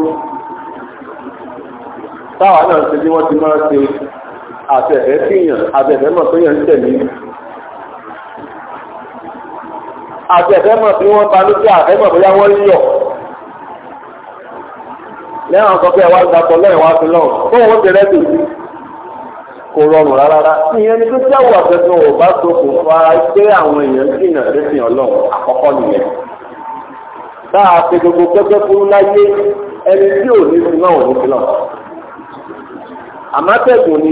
táwa náà ṣe bí wọ́n ti máa ṣe àtẹ̀fẹ́ kéèyàn àtẹ̀fẹ́ mọ̀ tó yàn ń tẹ̀lé àtẹ̀fẹ́ mọ̀ tí wọ́n ba lókè àfẹ́mọ̀ bóyá wọ́n yọ̀ lẹ́wọ̀n sọ pé ẹ̀wá ń dapọ̀ lọ́yìn wá sí lọ́wọ́ fún òun ti rẹ́dì kò rọrùn rárá. ìyẹn ni pípẹ́ wà tuntun ò bá sokùn fa pé àwọn èèyàn jìnnà létí ọlọ́run àkọ́kọ́ nìyẹn. tá a fi gbogbo pẹ́pẹ́ fún láyé ẹni tí ò ní sí náà ò ní sí náà. àmọ́tẹ́gùn ni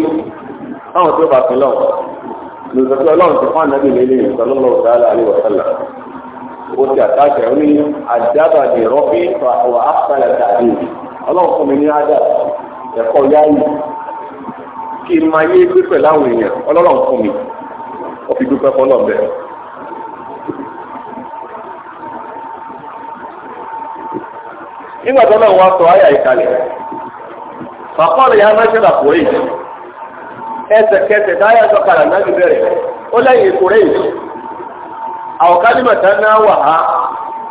báwọn tó bá sí náà lòdì ọlọ́run ti fún ànábì lélẹ̀ ìsọlọ́lọ́ ó ti àtàkẹ́ ó ní àjábàdì rọ́bì wà áfàlẹ̀ tàbí ọlọ́run fún mi ní ádà ẹ̀kọ́ yáyì kí n máa yé gbé pẹ̀lú àwọn èèyàn ọlọ́run fún mi ọ̀fi dúpẹ́ fọlọ́ bẹ́ẹ̀. nígbà tó náà wá sọ ayà ìkàlẹ̀ fàkọ́ọ̀lù yà máṣẹ́lá kò èyí ẹsẹ̀kẹsẹ̀ táyà sọ̀kalà náà ti bẹ̀rẹ̀ ó lẹ́yìn ìkórè yìí àwọn kálímọ̀ tán náà wà á.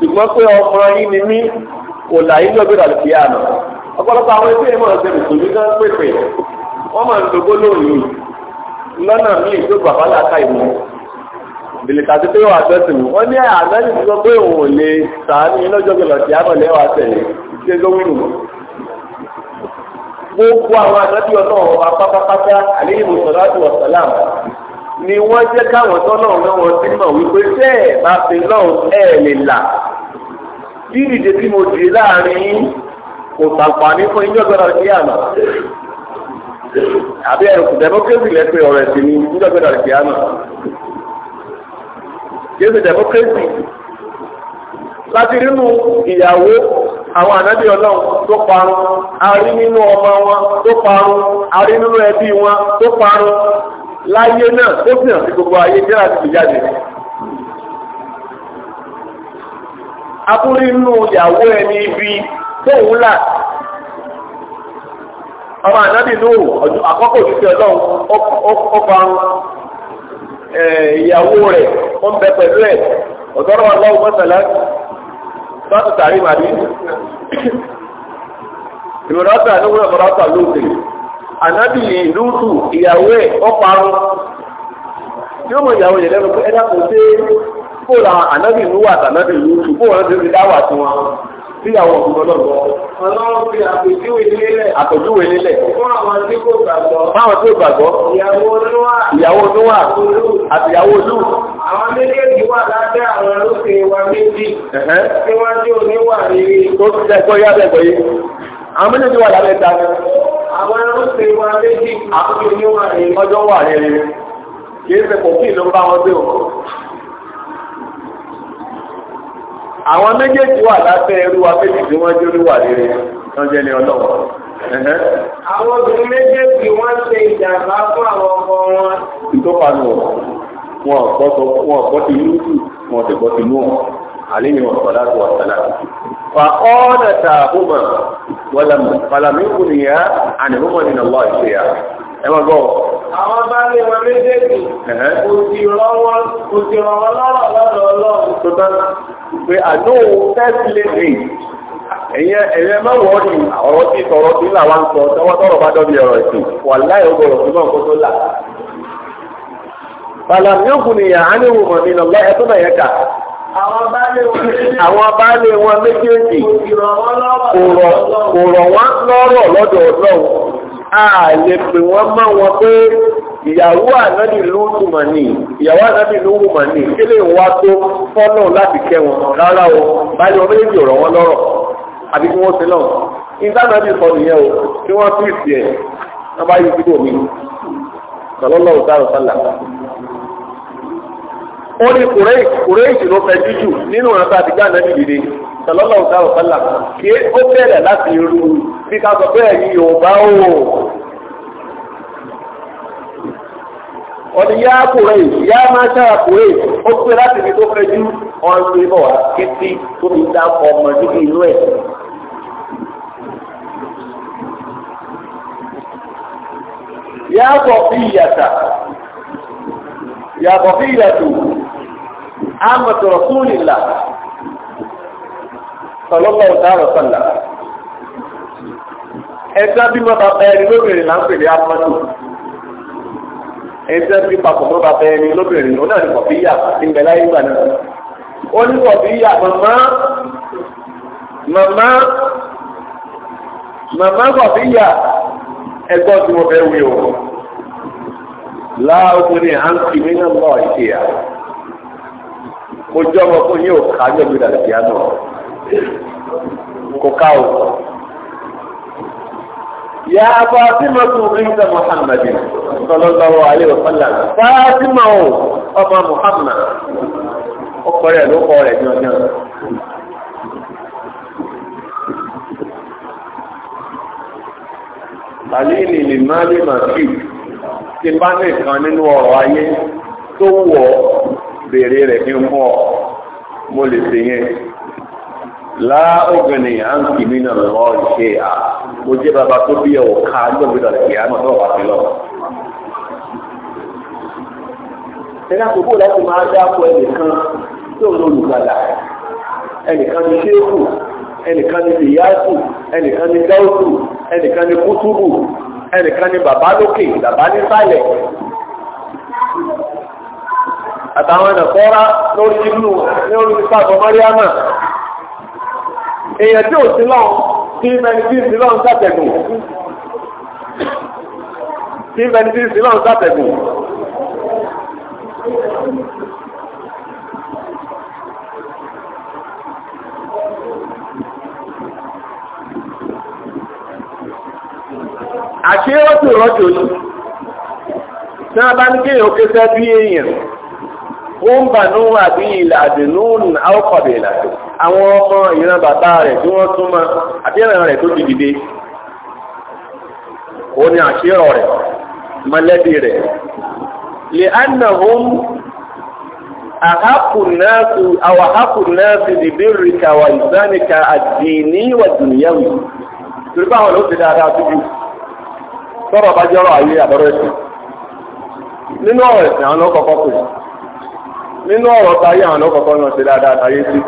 ṣùgbọ́n pé ọmọ yìí ni mí kò láyé lọ́gbẹ̀dà lè fi àná ọ̀pọ̀lọpọ̀ àwọn ẹgbẹ́ ìmọ̀ ọ̀sẹ̀ mùsùlùmí náà ń pèpè wọ́n máa ń dogbó lónìí lọ́nà míì tó bàbá làkà ìmọ̀ pé wà wọ́n ní sọ pé òun ò lè sàánú lọ́jọ́ tẹ̀lé gbogbo àwọn àtàbí ọ̀nà àléyìn ni wọ́n jẹ́ káwọn tọ́lọ́run náà wọ́n kí ìdíje tí mo dì láàrin kò sàǹfààní fún ìjọ gbọ́dọ̀ kí àná àbí ẹ̀rùkù democracy lẹ́pẹ́ ọ̀rẹ́ sí ni ìjọ gbọ́dọ̀ kí àná jésù democracy láti nínú ìyàwó àwọn ànábì ọlọ́run tó parun àrí nínú ọmọ wọn tó parun àrí nínú ẹbí wọn tó parun láyé náà tó fi hàn sí gbogbo ayé jẹ́ àti ìjáde abúrí inú ìyàwó ẹni ibi tóun là ọmọ ànábì ní òwò àkọ́kọ́ òṣìṣẹ́ ọlọ́run ó ìyàwó rẹ̀ ó ń bẹ pẹ̀lú ẹ̀ ọ̀dọ́rọ̀ ọlọ́run mọ́sálá sọ́tù tàrí màdí ìmọ̀lọ́tà ní wúlọ̀ ànábì ìyàwó ẹ̀ tí ó ìyàwó lẹ́nu pé ẹ bó la ànábì ìlú wà tànábì ìlú tù bó wọn ti dá wà sí wọn sí àwọn ọlọ́run fi àpèjúwe nílẹ̀. àpèjúwe nílẹ̀. fún àwọn tí kò gbàgbọ́. fún àwọn tí kò gbàgbọ́. ìyàwó ìyàwó àti ìyàwó àwọn méjèèjì wà lábẹ́ àwọn wa méjì. tí wọ́n jẹ́ oníwà rere. tó ti ẹ̀kọ́ yá bẹ́ẹ̀ àwọn méjèèjì wà lábẹ́ wa méjì oníwà rere. ọjọ́ wà àwọn méjèèjì wà lábẹ́ ẹrú wa méjì tí wọ́n jórí wà rere tán jẹ́ ní ọlọ́wọ́. àwọn obìnrin méjèèjì wọ́n ṣe ìjàmbá fún àwọn ọkọ wọn. ìtọ́panu wọn ọ̀pọ̀ tó ọ̀pọ̀ ti lú wọn ọ̀tẹ̀gbọ́ ti lú wọn àléyìn ẹ máa gbọ́. àwọn bá lè wọn méjèèjì kò sì ràn kò sì ràn wọn lọ́rọ̀ lọ́dọ̀ tó tán pé àdó first lady ẹ̀yẹ ẹ̀yẹ máa wọ̀ ní ọ̀rọ̀ tí sọ̀rọ̀ tí làwa ń sọ tọwọ́ tọrọ bá dọ́bi ọ̀rọ̀ wà láì tó náà kó tó là. nìyà á ní mi náà a lè pè wọ́n mọ́ wọn pé ìyàwó ànábì lóòtù mà ní ìyàwó ànábì lóòtù mà ní kí lè wá tó fọ́nà láti kẹ́ wọn rárá o báyìí wọn méjèèjì ọ̀rọ̀ wọn lọ́rọ̀ àbí kí wọ́n ṣe náà sọ nìyẹn o kí wọ́n tún ìsì ẹ̀ wọ́n bá yí síbò mi sọlọ́lọ́ òtárò sálà. ó ní kùrẹ́ì ló fẹ́ jíjù nínú ìrántá àtijọ́ ànábì bí ká sọ bẹ́ẹ̀ ni yorùbá o. ọ̀nì yá kùrẹ́ yá máa ṣára kùrẹ́ ó pé láti fi tó fẹ́ jú ọ̀n ṣe bọ̀ wá kétí tó fi dá ọmọ níbi inú ẹ̀. yá bọ̀ bí ìyàtà yá bí ìyàtò àmọ̀tọ̀rọ̀ fún ìlà sọlọ́lọ́ ọ̀tá àrọ̀sọ̀lá ẹ̀sẹ̀ bí mọ́ bàbá ẹni lóbìnrin là ń pè ní amọ́tò ẹ̀sẹ̀ bí papọ̀ mọ́ bàbá ẹni lóbìnrin ó náà ní kọ̀bí yà ìgbẹ̀ láyé gbà náà ó ní kọ̀bí yà màmá màmá màmá kọ̀bí yà ẹgbọ́n tí mo fẹ́ wí o láàbùnrin à ń kì mí náà lọ ìṣe à kò jọ́ ọmọ fún yín ò ká jọ́ àná kò ká o ya Fatima tó ríta Muhammad sallallahu alaihi wa sallam Fatima o ọmọ Muhammad ọkọ rẹ̀ ló kọ rẹ̀ jọjọ. Àlíìlì lè máa lè máa fi ti bá nìkan nínú ọ̀rọ̀ ayé tó wọ̀ bèrè rẹ̀ ní mú ọ mo lè ṣe yẹn láàgbìnrin àǹkì nínú ọ̀rọ̀ ṣe àà mo jẹ́ bàbá tó bí ẹ̀ ọ̀ka lọ́gbẹ̀dọ̀ rẹ̀ kì í àmọ́ tó wà sí lọ. ẹ̀ka kò bó láti máa dáko ẹnìkan tó ń lòlùgbàlà ẹnìkan ní ṣéèkù ẹnìkan ní ìyáàtù ẹnìkan ní gáúsù ẹnìkan ní kútùbù ẹnìkan ní bàbá lókè bàbá nísàlẹ̀ àtàwọn ẹ̀nàkọ́rá lórí inú lórí nípa àbọ̀mọ́ríámà èèyàn tí ò sí lọ́wọ́ tí mẹnitín sí lọ́n sàtẹ̀gùn tí mẹnitín sí lọ́n sàtẹ̀gùn. àṣírí ó sì rọ́jò ní tí wọ́n bá ní kéèyàn ó ké bí èèyàn ń bà ní àbí ilẹ̀ àdínú àwọ̀kọ̀dẹ̀ ìlàjò àwọn ọmọ ìran bàbá rẹ̀ tí wọ́n túnmọ̀ àti ìran rẹ̀ tó ti dìde ó ní àṣírọ̀ rẹ̀ mọ̀lẹ́bí rẹ̀ lè annahum àhákùnnáàtù àwàhákùnnáàtù dìbìrìkà nínú ọ̀rọ̀ ẹ̀sìn àwọn ọkọ̀ kọ́kùnrin nínú ọ̀rọ̀ táyé àwọn ọkọ̀ọ̀kan náà ṣe dáadáa táyé sí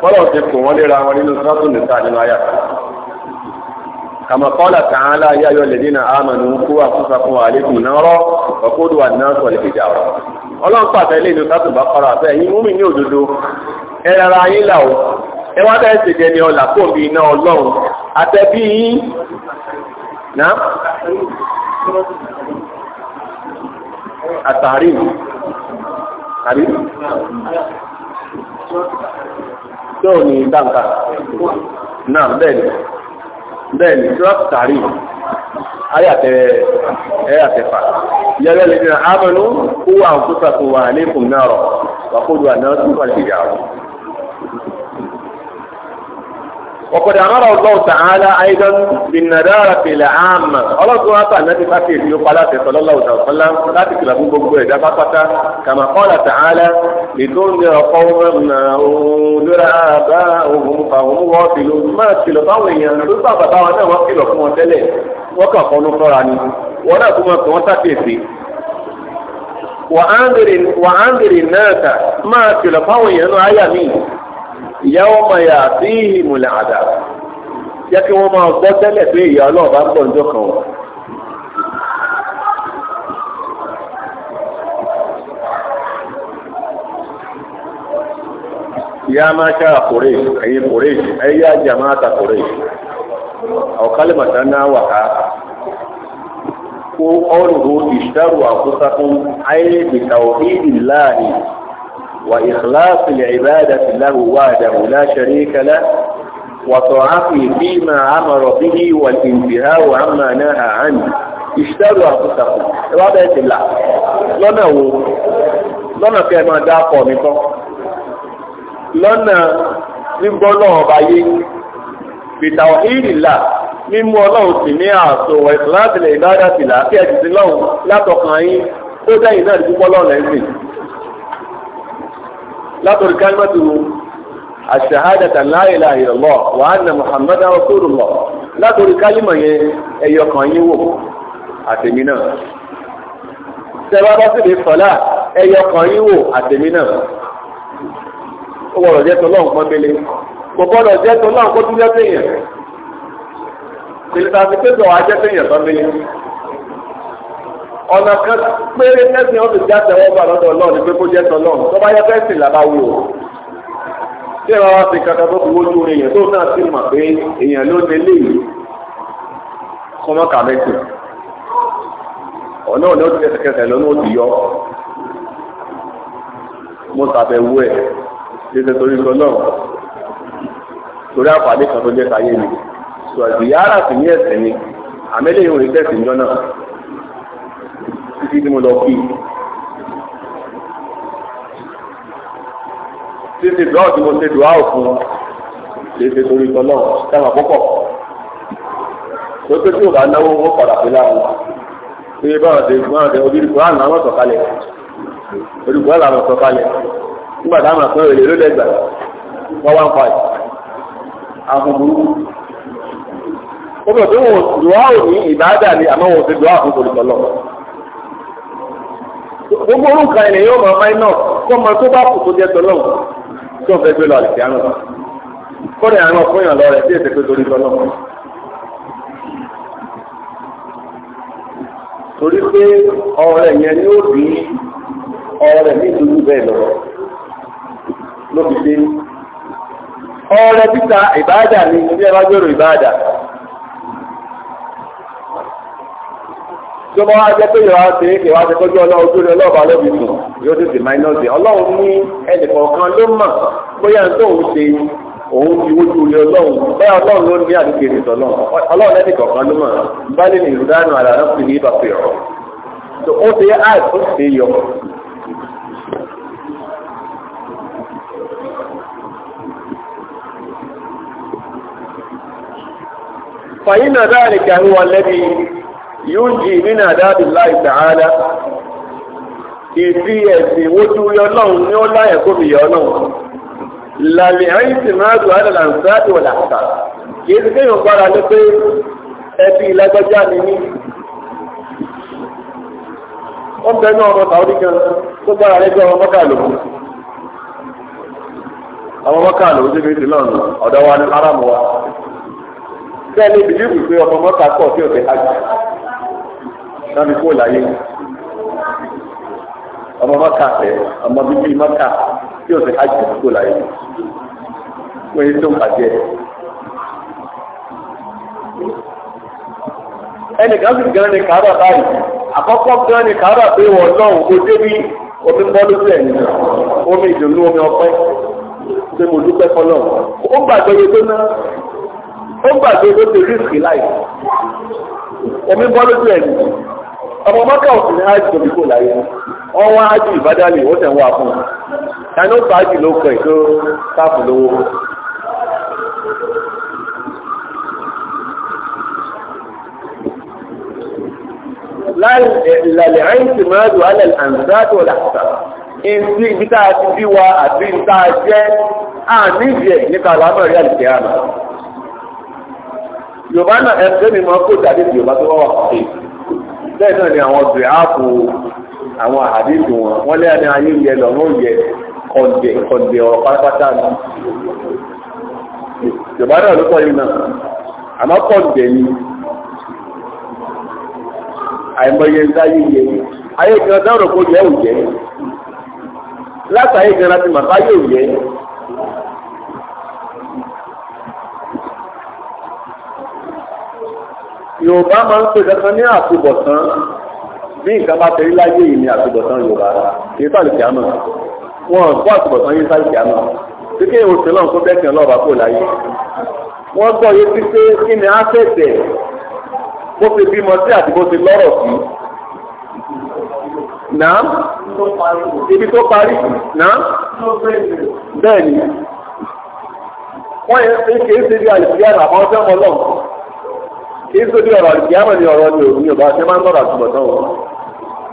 fọ́lọ̀ ti kù wọ́n léra wọn nínú sọ́tún nìta nínú àyà kama qala ta'ala ya ayyuhal ladina amanu qu anfusakum wa wa quduha an-nas wal hijara ọlọ́run pàtẹ́ ilé ìlú sátò bá fara àfẹ́ yìí ní òdodo yín là ó bẹ́ẹ̀ sì jẹ́ ni ọ̀là bí iná àbí tí ò ní dáǹkà náà bẹ́ẹ̀ni bẹ́ẹ̀ni tí wọ́n tàrí ayàtẹ̀fà yẹ́rẹ́ lè dìrà ámẹ́nu kúwà òkúta tó wà ní kùn náà rọ̀ wà kó وقد أمر الله تعالى أيضا بالنذارة العامة الله سبحانه الذي فاتي في قلاته صلى الله عليه وسلم لا تكلفون بقوة دفقة كما قال تعالى لتنذر قوما ما أنذر آباؤهم فهم غافلون ما تلقويا بالطبع طبعا وقلكم وتلي وكفون قراني ولا كما كنت تكفي وأنذر وأنذر الناس ما تلقويا آية مين yawma ya'tihimul adab jẹ́ kí wọ́n máa gbọ́ tẹ́lẹ̀ pé ìyá ọlọ́run bá ń bọ̀ níjọ́ kan wọ̀. ya ma sha kure ayi kure ai ya jama'ata kure aw kalimata na wa ka ko qawluhu ishtaru anfusakum ay bi tawhidillahi وإخلاص العبادة له وحده لا شريك له وطاعته فيما أمر به والانتهاء عما نهى عنه اشتروا أنفسكم رابعة الله lọ́nà wo lọ́nà kẹ́ máa dá pọ̀ nìkan lọ́nà gbígbọ́ náà báyé bìtàwọ̀ ìrìnlá mímú ọlọ́run sì ní ààtò ẹ̀sùn láti lè ìbádàtìlá kí ẹ̀sìn sí lọ́run látọkàn yín ó dẹ́yìn náà dúpọ́ lọ́run ẹ̀sìn látọ̀rí kálímọ́tì wo àṣàhádàtà la ilaha illallah wa anna muhammadan rasulullah látọ̀rí kálímọ̀ yẹn ẹ̀yọ kan yín wò àtẹ̀mí náà tẹ́wá bá sì lè fọ́lá ẹ̀yọ kan yín wò àtẹ̀mí náà ó wọ̀rọ̀ jẹ́ tó lọ́hùn pọ́nbélé kò jẹ́ tó lọ́hùn kó tún ọ̀nà kan péré tẹ́sí wọn fi já tẹ̀wọ́ bá lọ́dọ̀ ọlọ́ọ̀ni pé kó jẹ́ tọ́lọ́ọ̀n tó bá yẹ fẹ́ sì làbá wù ó. tí ìwà wa fi kankan tó fi wójú èèyàn tó náà sì mọ̀ pé èèyàn ló ní léyìí kọ́mọ́ kàmẹ́tì ọ̀nà ọ̀nà ó ti kẹsẹ̀kẹsẹ̀ lọ́nà ó ti yọ mo sàbẹ̀wò ẹ̀ ṣíṣe torí tọ́lọ́ọ̀n torí àpàdé kan tó jẹ́ sáyé mi sọ̀rọ̀ ìyára sì ní ẹ̀sẹ̀ ni àmẹ́lẹ́yìn òní tẹ̀sí ìjọ náà títí tí mo lọ kí. títí dùá tí mo ṣe dùá òfin lè ṣe torí tọ́ náà táwọn àkókò tó pé tí ò bá náwó ó padà pé láwọn pé báwọn ṣe gbọ́n ṣe ojú ìkúrá àwọn sọ̀kalẹ̀ olùkọ́ làwọn sọ̀kalẹ̀ nígbà táwọn àpẹẹrẹ èrè ló lẹ́gbàá wọ́n wá ń fa àwọn burúkú ó bẹ̀rẹ̀ pé wọn ìbáàdà ni àmọ́ gbogbo orúkọ ẹ̀ lèyìn ọmọ ọmọ iná kọ́ ọmọ tó bá kù tó jẹ́ tọ́lọ́ tó ń fẹ́ gbé lọ àlùfẹ́ àrùn kọ́ni àrùn ọ̀fọ́yàn lọ rẹ̀ sí ètò pé torí tọ́lọ́ torí pé ọ̀rẹ́ yẹn ni ó bí ọ̀rẹ́ ní ìdúró bẹ́ẹ̀ lọ ló fi dé ọ̀rẹ́ títa ìbáàdà ni ilé ẹ̀rọ gbèrò ìbáàdà tó bá wá jẹ́ pé yọ̀ wá sí kí wá ti kọjú ọlọ́run tó ní ọlọ́ọ̀bá lọ́bi sùn yóò tètè máínọ́ọ̀sì ọlọ́run ní ẹnì kọ̀ọ̀kan ló mọ̀ bóyá tóun ṣe òun ti wójú ilé ọlọ́run bẹ́ẹ̀ ọlọ́run ló ní àdúgbò ètò ọlọ́run ọlọ́run ẹnì kọ̀ọ̀kan ló mọ̀ báyìí ní ìlú dánù àlànà fi ní ìbàfẹ́ ọ̀rọ̀ tó ó ṣe áì ó ṣe yọ. fàyínà dáàlì kàwé wọn lẹ́bi yunji min adabillahi ta'ala ìfi ẹ̀sìn wojú ọlọ́run ní ó láyẹ̀ kó fi yẹ ọlọ́run lálẹ́ àyìn sì máa dùn àdàlà ń sáàdì wọ̀là àtà kìí sí kéèyàn gbára lé ni mí ó bẹnu ọmọ sàódì kan tó gbára lẹ́gbẹ́ ọmọ mọ́kà lòun ọmọ mọ́kà lòun débi ti lọ́nà ọ̀dọ́ wa ní aráàmù wa bẹ́ẹ̀ ni pé ọmọ náà fi kó láyé ọmọ mọ́kà tẹ ọmọ bíbí mọ́kà tí o sì hajj kó láyé wọ́n yé tó ń bàjẹ́ ẹnìkan sì gan ni kàárà báyìí àkọ́kọ́ gan ni kàárà pé wọ́n lọ́hùn kó débi omi bọ́ lójú ẹ̀ nìyẹn omi ìdùnnú omi ọpẹ́ pé mo dúpẹ́ fọlọ́ ó gbàgbé iye tó ná ó gbàgbé iye tó ti rísìkì láì omi bọ́ lójú ẹ̀ ọmọ mọ́kà òsìn ní hajj tóbi kò láyé wọ́n wá hajj ìbádàlì ó tẹ̀ ń wà fún un tani ó fà hajj ló kọ ètò sáàfù lówó. láì ìlàlẹ̀ àìsí mọ́rẹ́dù alẹ́ àǹdáàtò làkàtà ìsí ibi tá a ti bí wa àti ìta jẹ́ àmì ìjẹ́ nípa àlámọ̀rí àlùkè àná yorùbá náà ẹgbẹ́ mi máa ń kó jáde yorùbá tó wà wà fún mi. bẹ́ẹ̀ náà ni àwọn bìrìáàpù àwọn àdéhùn wọn wọ́n lé ayé lọ wọ́n yẹ ọ̀rọ̀ pátápátá ni náà ló náà àmọ́ ni àìmọye ayé kan yẹ òjẹ́ látàyé kan láti yorùbá máa ń pè dandan ní àtúbọ̀tán bí nǹkan bá tẹ̀lé láyé yìí ní àtúbọ̀tán yorùbá kì í sáré kìámà wọn gbọ́ àtúbọ̀tán yìí sáré kìámà tí kí oṣù náà kó bẹ́ẹ̀ kàn lọ́ọ̀bá kò láyé wọ́n gbọ́ yé sí pé kí ni á tẹ̀tẹ̀ bó ṣe bímọ sí àti bó ṣe lọ́rọ̀ sí náà ibi tó parí náà bẹ́ẹ̀ ni wọ́n yẹ kí é ṣe bí àlùfíà àbáwọ́sẹ́ ọlọ́run kì í sóbi ọ̀rọ̀ ìyáwó ni ọ̀rọ̀ ni òun ni ọba ṣe máa ń lọ́rọ̀ àtúbọ̀tán wọn.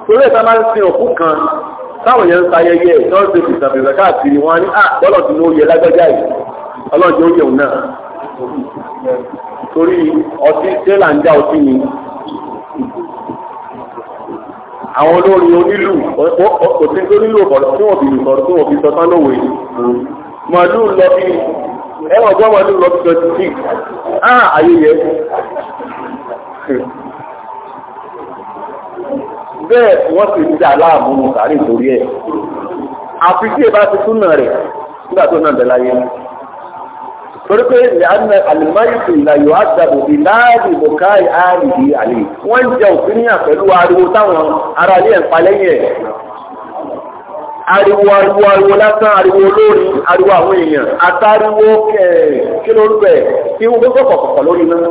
torí ẹ̀ta máa ń sin òkú kan táwọn yẹn ń sa ayẹyẹ ẹ̀ tí wọ́n ṣe fi ìsàbẹ̀rẹ̀ káàkiri wọn ní à ah, bọ́lọ̀ tí ó yẹ lágbájá yìí ọlọ́run tí ó yẹ òun náà. torí ọtí tẹ́lá ń já ọtí ni àwọn olórin onílù òsín tó nílò ọ̀pọ̀lọpọ̀ tí wọ́n fi sọ tán lówe màálù lọ bí ẹ̀wọ̀n gbọ́ wọn ní lọ sí ọtí sí ah ayé yẹ. bẹ́ẹ̀ wọ́n sì ń dá aláàmú sàárè lórí ẹ̀ àfi tí èbá ti túnà rẹ̀ nígbà tó náà bẹ̀lá yẹn. torí pé ìyáàmẹ àlùmáyìsì ìlàyò àdàbò ìlàáàdì bùká ìhàrìdì àlè wọ́n ń jẹ òfin ní àpẹ̀lú ariwo táwọn ará ilé ẹ̀ pa lẹ́yìn ẹ̀. ariwo ariwo ariwo lásán ariwo olori ariwo àwọn èèyàn àtàriwo kí ló ń bẹ̀ kí wọ́n gbọ́ kọ̀kọ̀kọ̀ lórí náà.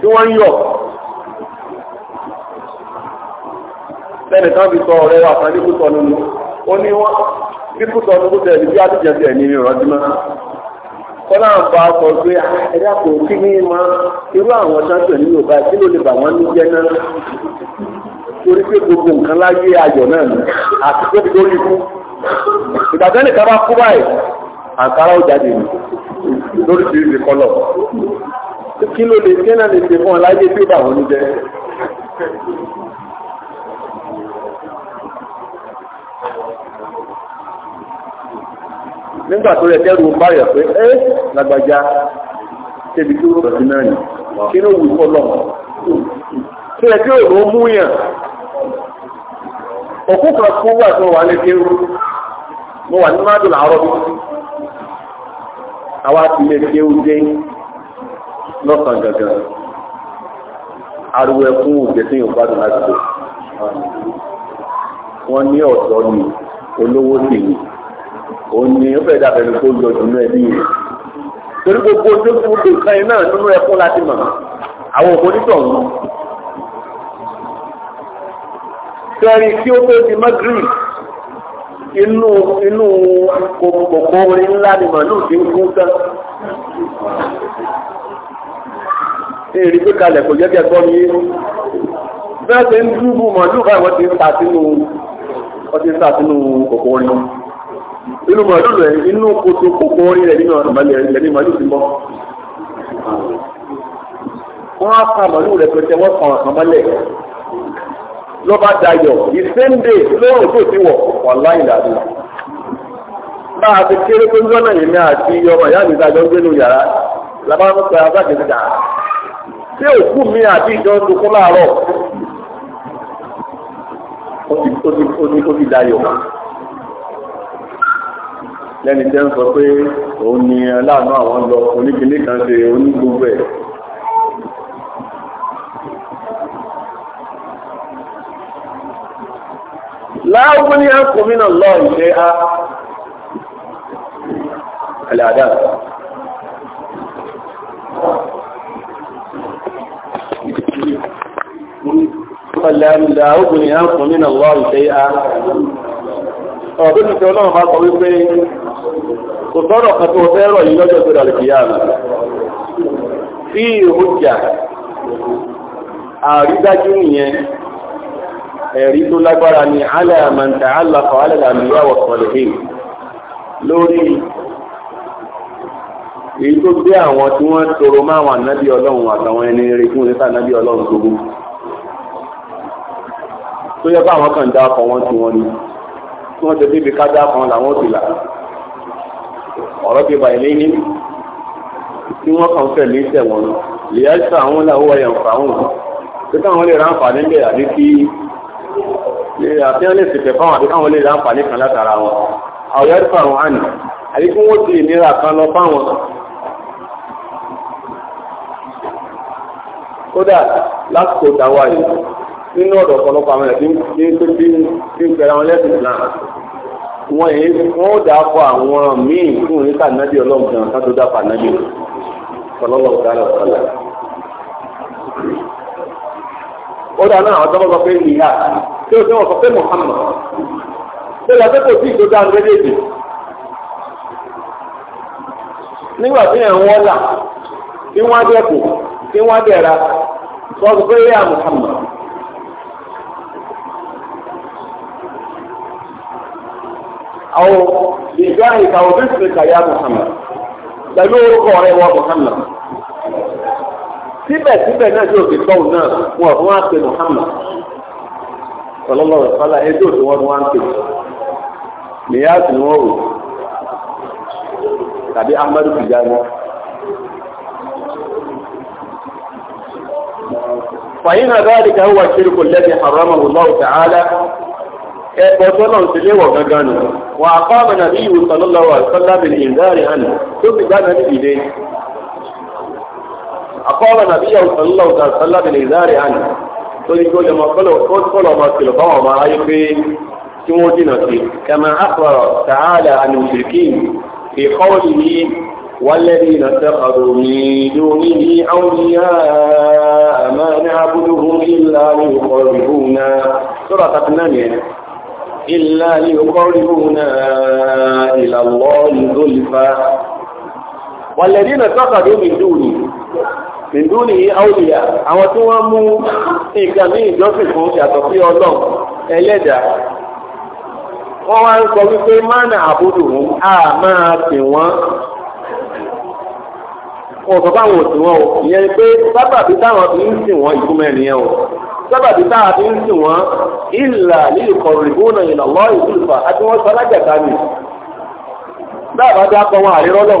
tí wọ́n ń yọ̀ lẹ́nìkan fi sọ ọ̀rẹ́ wa ní kútọ̀ nínú ó ní wọ́n bí kútọ̀ nínú tẹ̀ ní bí àtijọ́ tẹ̀ ní kọ́lá fa pé ah, ẹ̀dá ma irú àwọn sáńtẹ̀ ní Yorùbá kí ló lè bà wọ́n torí pé gbogbo nǹkan láyé ayọ̀ náà ni àti pé tó rí fún ìgbàgbẹ́ nìkan bá kú báyìí àǹkárá ó jáde ni lórí ti rí kọlọ̀ kí ló lè kí náà lè ṣe fún ọ láyé tí ó bà wọ́n jẹ́ nígbà tó rẹ̀ kẹ́rù ń báyọ̀ pé ẹ́ lágbàjá tẹ́bi tí ó rọ̀ sí náà ni kí ló wù kọlọ̀ tí ẹ tí ò mú yàn òkú kan kú wà tó wà lé kéwù mo wà ní mádùn làárọ̀ bí àwa ti lè kéwù dé lọ́sàn gangan ariwo ẹkún òjò tí yóò gbádùn láti lò wọ́n ní ọ̀dọ́ ni olówó sì ni òun ni ó fẹ́ dàbẹ̀ ní kó lọ jùlọ ẹbí rẹ̀ torí gbogbo ojú tó ń tó nínú ẹkún láti mọ̀ àwọn òkú onítọ̀hún tẹ́rí kí ó tó di Madrid inú inú kòkòkò orin ńlá ni màlúù ti ń kún tán èrì pé kalẹ̀ kò jẹ́ kẹ́kọ́ ní bẹ́ẹ̀ tẹ́ ń dúbù màlúù báyìí wọ́n ti ń ta sínú wọ́n ti ń ta sínú kòkò orin inú màlúù rẹ̀ inú kòtò kòkò orin rẹ̀ nínú ẹ̀mí màlúù ti mọ́ wọ́n á ka màlúù rẹ̀ pẹ̀tẹ́ wọ́n kàn án ló bá dayọ̀ ìséǹdè lóòrùn tó ti wọ̀ wà láì làdúrà. bá a ti kéré pé lọ́nà yìí àti ọmọ ìyá mi dájọ́ ń gbénu yàrá làbá ń sọ abájẹ́ ti dà. ṣé òkú mi àti ìjọ ń dokún láàárọ̀? ó ti dayọ̀ lẹ́ni tẹ́ ń sọ pé òun ni aláàánú àwọn lọ oníkìlẹ̀ kan ṣe onígbogbo ẹ̀. láàrùn ní àkùnmínà lọ ìṣe a àlàdà láàrùn ní àkùnmínà lọ ìṣe a ọ̀dọ́ ti tẹ́ ọlọ́run bá sọ wípé kò sọ́rọ̀ kan tó fẹ́ rọ̀ yìí lọ́jọ́ tó dàlẹ̀ àrídájú nìyẹn ẹ̀rí tó lágbára ni aláàmàǹtà aláfà aláàmìyá wọ̀sọ̀lẹ̀hìn lórí èyí tó gbé àwọn tí wọ́n tọrọ máwọn ànábì ọlọ́run àtàwọn ẹni rẹ̀ fún oníta ànábì ọlọ́run gbogbo tó yẹ báwọn kan dá ọkọ̀ wọn tí wọ́n ní tí wọ́n ti débi ká dá ọkọ̀ wọn làwọn ti ọ̀rọ̀ ti bà ilé ní tí wọ́n kàn fẹ̀ ní tẹ̀wọ̀n lè yá sí àwọn làwọn ẹ̀yàn fà wọn pé lè ráǹfà níbẹ̀ àbí kí àti wọn lè ṣètẹ fáwọn àti káwọn lè rí àǹfààní kan látara wọn àwọn ẹrú fáwọn àná àti kí wọn ti ìnira kan lọ fáwọn. kódà lásìkò dáwà yìí nínú ọ̀dọ̀ ọ̀pọ̀lọpọ̀ àwọn ẹ̀dín ní tó bí ń pẹ̀lú àwọn ẹlẹ́sìn náà wọ́n yìí wọ́n ó dà fọ àwọn míì fún ní kànáàbí ọlọ́run kan ká tó dà fà náà bí ọlọ́lọ́ ọ̀dà ọ̀dà ó dáná àwọn tó bọ́ pé nìyá tí ó tẹ́ wọ́n sọ pé Muhammad tó lọ pé kò sí ìgbóga méjèèjì nígbà tí ẹ̀ tí wọ́n dẹ́kù tí wọ́n dẹ̀ra sọ sọ pé yíyá Muhammad. أو بجاهك أو باسمك يا محمد بلوغ قريب محمد síbẹ̀síbẹ̀ náà tí òfin tọ́hún náà wọn ò fún wa pe Muhammad sọlọ́lọ́ ìfọ́lá ẹjọ́ òfin wọn wá ń pè nìyáàtì ni wọ́n wò tàbí Ahmadu Tijani. فإن ذلك هو الشرك الذي حرمه الله تعالى ẹ̀bọ̀tọ́nà ti léwọ̀ gangan nù wà á kọ́ àmàlà bí ìwòsàn lọ́wọ́ àti bìnrin ìdárí tó fi gbá náà أقال نبيه صلى الله عليه وسلم لإذار عنه تقول لما قلوا قد قلوا ما تلقوا ما رأيك في كما أخبر تعالى عن المشركين في قوله والذين اتخذوا من دونه أولياء ما نعبدهم إلا ليقربونا سورة الثانية يعني. إلا ليقربونا إلى الله زلفى والذين اتخذوا من دونه bìndú ni àwòlíyà àwọn tí wọ́n mú nǹkan ní ìjọsìn fún yàtọ̀ sí ọlọ́run ẹlẹ́dàá wọ́n wá ń sọ wípé mánà àbúrò wọn a máa pè wọ́n wọn sọ fáwọn òsì wọn o ìyẹn ni pé sábàbí táwọn fi ń sìn wọn ìkúmọ̀ ẹ̀nìyẹn o sábàbí táwọn fi ń sìn wọn ìlà lílù kọ̀ọ̀rọ̀ ìbúnà ìlànà ìdúlùfà àti wọn sọ alájàká mi dábàá wọn àrírọ́lọ̀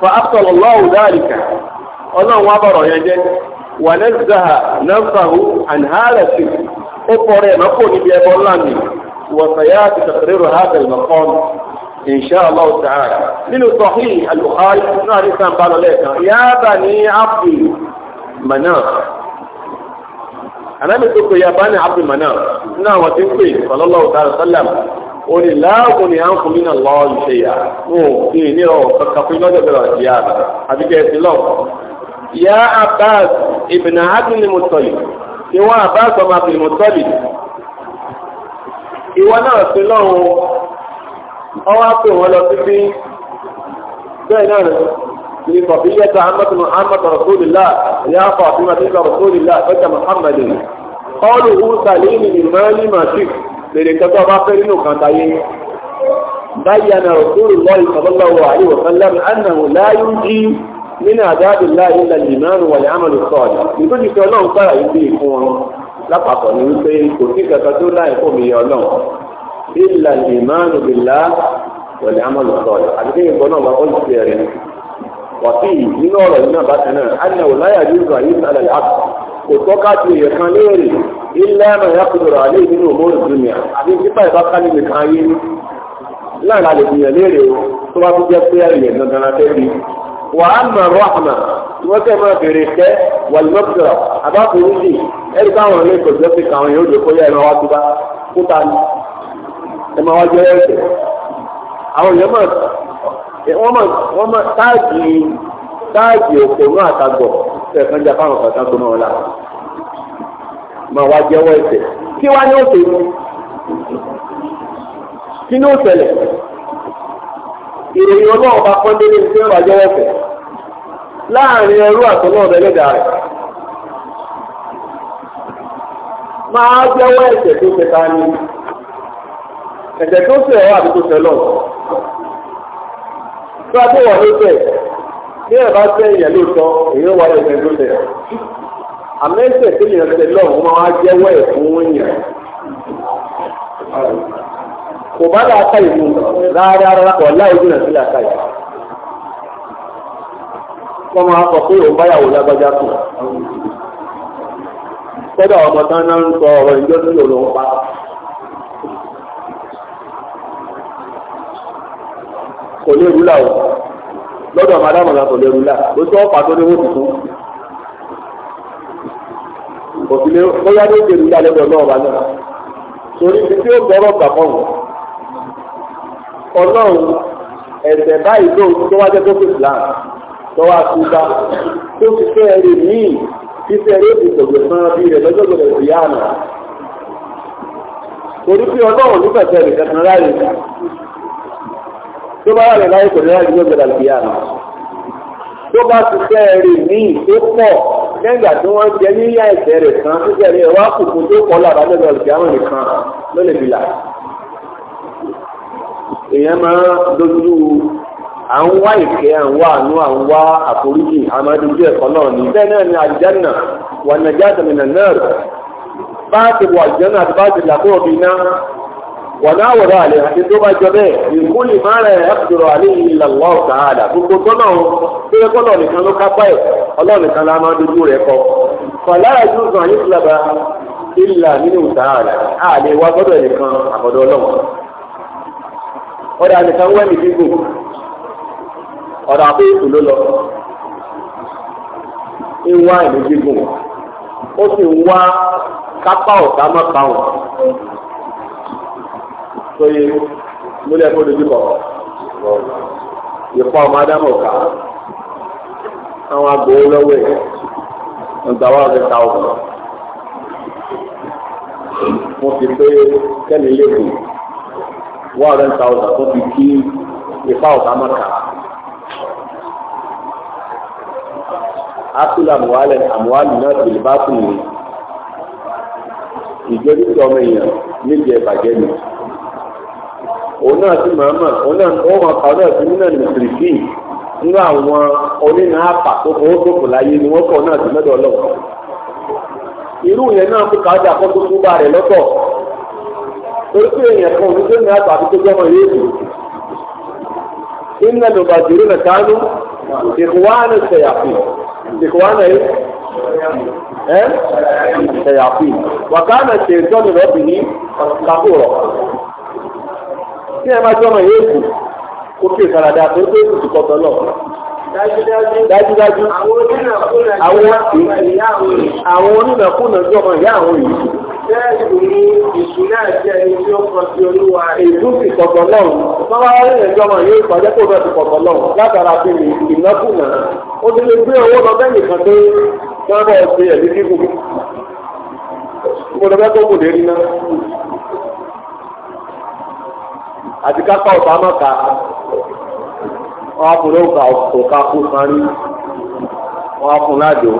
fa abtala Allahu dhalika ọlọ́run wá bọ̀rọ̀ yẹn jẹ́ wà nazzaha nafsahu an hadha shirk ó pọ̀rẹ́ mọ́kò níbi ẹbọ ńlá mi wa sayati taqriru hadha al-maqam insha Allah ta'ala nínú sahih al-Bukhari náà ní sàn balọ̀ lẹ́ẹ̀kan ya bani Abdul Manaf anábì tó pe ya bani Abdul Manaf náà wọ́n ti ń pè sallallahu ta'ala sallam ó ní láàbùn ní àǹkùn mí náà lọ́ọ́ ìṣe yà ó ní ní ọ̀rọ̀ kankan fún lọ́jọ́ bẹ̀rẹ̀ àti yà rẹ̀ àbí kẹ́ ẹ ti lọ. Ìyá Abbas ibn Abdul Muttalib ni wọ́n Abbas ọmọ Abdul Muttalib. Ìwọ náà ti lọ́hùn ọwọ́ pé wọ́n lọ sí bí bẹ́ẹ̀ náà rẹ̀ ni kọ̀fíyẹ́ta Ahmad Muhammad Rasulillah ìyá Fàtímà Rasulillah ọjà Muhammad. Qawluhu salini min mali ma shi'ta bèrè kẹtọ́ bá fẹ́ nínú kan táyé báyìí ọ̀dọ́rù lọ́yì sọlọ́lọ́wọ́ àríwọ̀sánlẹ́m annahu láyún jí nínú àdáàbì láyé lẹ́lì náà wà ní àmàlù sọ́ọ̀lì nítorí ti fi ọlọ́run fara ìdí ìfún wọn lápapọ̀ ní wípé kò sí kankan tó láì fún mi ọlọ́run ìlà ìmánu bìlá wà ní àmàlù sọ́ọ̀lì kò tọ́ka ju èèyàn kan léèrè ilé ẹ̀rọ ìyá kúndùrọ̀ alẹ́ ìdí ní òmóòrùn jùmíà àbí nípa ìbáka níbi kan ayé ní náà la lè gbìyàn léèrè o tó bá tún jẹ́ pé ẹ̀yẹ̀ dandan la fẹ́ bi. wà á mọ̀ ọ̀rọ̀ àmà tí wọ́n tẹ̀ máa bèrè tẹ́ wàlúmọ́tìrọ̀ àbáfòrú sí ẹ̀rí báwọn ilé kò jẹ́ káwọn yóò dé kóyá ẹ̀rọ wa bá kó ta ni ẹ máa báàgì òkòrò àtàgbọ̀ ẹ̀fọn jà fáwọn kọ̀ọ̀tà tó náà la mà wá jẹ́wọ́ ẹ̀ṣẹ̀ kí wá ní òṣè kí ní òṣèlè ìròyìn ọlọ́run bá pọ́n délé ní sẹ́wọ̀n àjẹ́wọ́ ẹ̀ṣẹ̀ láàrin ẹrú àtọ́nà ọ̀dẹ́lẹ́dà rẹ̀ máa jẹ́wọ́ ẹ̀ṣẹ̀ tó ṣe ta ni ẹ̀ṣẹ̀ tó ṣe ọ̀ àbí tó ṣe lọ́wọ́ tó a tó wọ̀ ló ṣe bí ẹ bá fẹ́ èèyàn lóòótọ́ èèyàn wà A fẹ́ lóòótọ́ àmẹ́sẹ̀ tí èèyàn ṣe lọ́hùn máa wá jẹ́wọ́ ẹ̀ fún èèyàn kò bá láàká ìlú rárá rárá kọ̀ láì jìnà sí láàká ìlú wọ́n máa sọ pé òun báyàwó lágbájá ọmọ tán lọ́dọ̀ màdàmù náà kò lẹ́rú là ó tọ́ pàtó ní wọ́n tuntun. òfìlẹ̀ bóyá ló ṣe rú lálẹ́ lọ́dọ̀ ọba náà torí ibi tí ó gbọ́rọ̀ gbà mọ́ wọn. ọlọ́run ẹ̀sẹ̀ báyìí ló tó wájẹ́ tó fi plan tó wá sí bá tó fi fẹ́ rí míì fífẹ́ rí èdè ìtògbè fún ọbí rẹ̀ lọ́jọ́ gbọ́dọ̀ sí yá àná. torí pé ọlọ́run nífẹ̀ẹ́ tó bá wà lọ láyé kò ní láti gbé gbọdọ̀ àti ìyá mi. tó bá ti fẹ́ rí ní ìpé pọ̀ lẹ́gbà tí wọ́n jẹ níyà ẹ̀sẹ̀ rẹ̀ kan tó jẹ́ rí ẹ̀wá kùkù tó kọ́ lọ àbájọ́dọ̀ àti àwọn nìkan ló lè bìlà. èèyàn máa dojú à ń wá ìfẹ́ à ń wá àánú à ń wá àforíjì àmàdójú ẹ̀kọ́ náà ní bẹ́ẹ̀ náà ni àlùjánnà wà nàìjíríà tẹ̀mínà náà bá ti wà àlùjánnà àti bá ti làkúrò wọ̀nà àwòrán àti tó bá jọ bẹ́ẹ̀ ìkúlì máa rẹ̀ ẹ̀kúrọ̀ àlè ìlàlọ́ ọ̀tàhàdà gbogbo tọ́nà pé kọ́nà nìkan ló kápá ẹ̀ ọlọ́run nìkan la máa dojú rẹ̀ kọ. fàlàyé àyè ìlà nínú àlè ọ̀dà nìkan wẹ́ mi ọ̀dà ló lọ. ó tó yẹ múlẹ̀ kó dojú kọ̀ ìpa ọmọ adámọ̀ ká àwọn agbowó lọ́wọ́ ẹ̀ nígbà wà lọ́wọ́ ta ọ̀gbọ̀n mo fi pé kẹ́mi léwu wà lọ́wọ́ ta ọ̀gbọ̀n tó fi kí ìpa ọ̀gá mọ̀ ká. akulu amuwalẹ amuwalẹ náà ti lè bá kùn ní ìjọ́jú tí ọmọ èèyàn níbi ẹ̀bàjẹ́ nìyí òun náà sí màmá òun náà ó máa kà náà sí nínà nìtìrìkì nínú àwọn onínà àpà tó fowó tó kù láyé ni wọ́n kọ̀ náà sí mẹ́dọ̀ ọlọ́wọ́. irú yẹn náà kó kájà kó tó kú bá rẹ̀ lọ́tọ̀ torí pé èèyàn kan òun tó ní àpà àti tó jọmọ yéèdù nínà ló bá jùlọ nà kánú ìkùwánà ṣèyàpì ìkùwánà yìí ẹ ṣèyàpì wàkánà ṣèyàpì tí ẹ máa tí ọmọ yẹn kù ó kí tó tó kù sí kọtọ lọ. dájúdájú àwọn onínàkúnà jọ ọmọ ìyá àwọn yìí. bẹ́ẹ̀ ìṣúná jẹ́ ẹni tí ó kọ sí olúwa. ìlú ti náà wọ́n wá rí ẹ̀jọ́ ọmọ kó bẹ́ẹ̀ ti náà lọ bẹ́ẹ̀ nìkan ṣe ẹ̀mí kíkù. mo lọ bẹ́ẹ̀ tó àti kápá ọ̀tá mọ́ka wọn á fún lóka òka kú sanrí á fún ládò.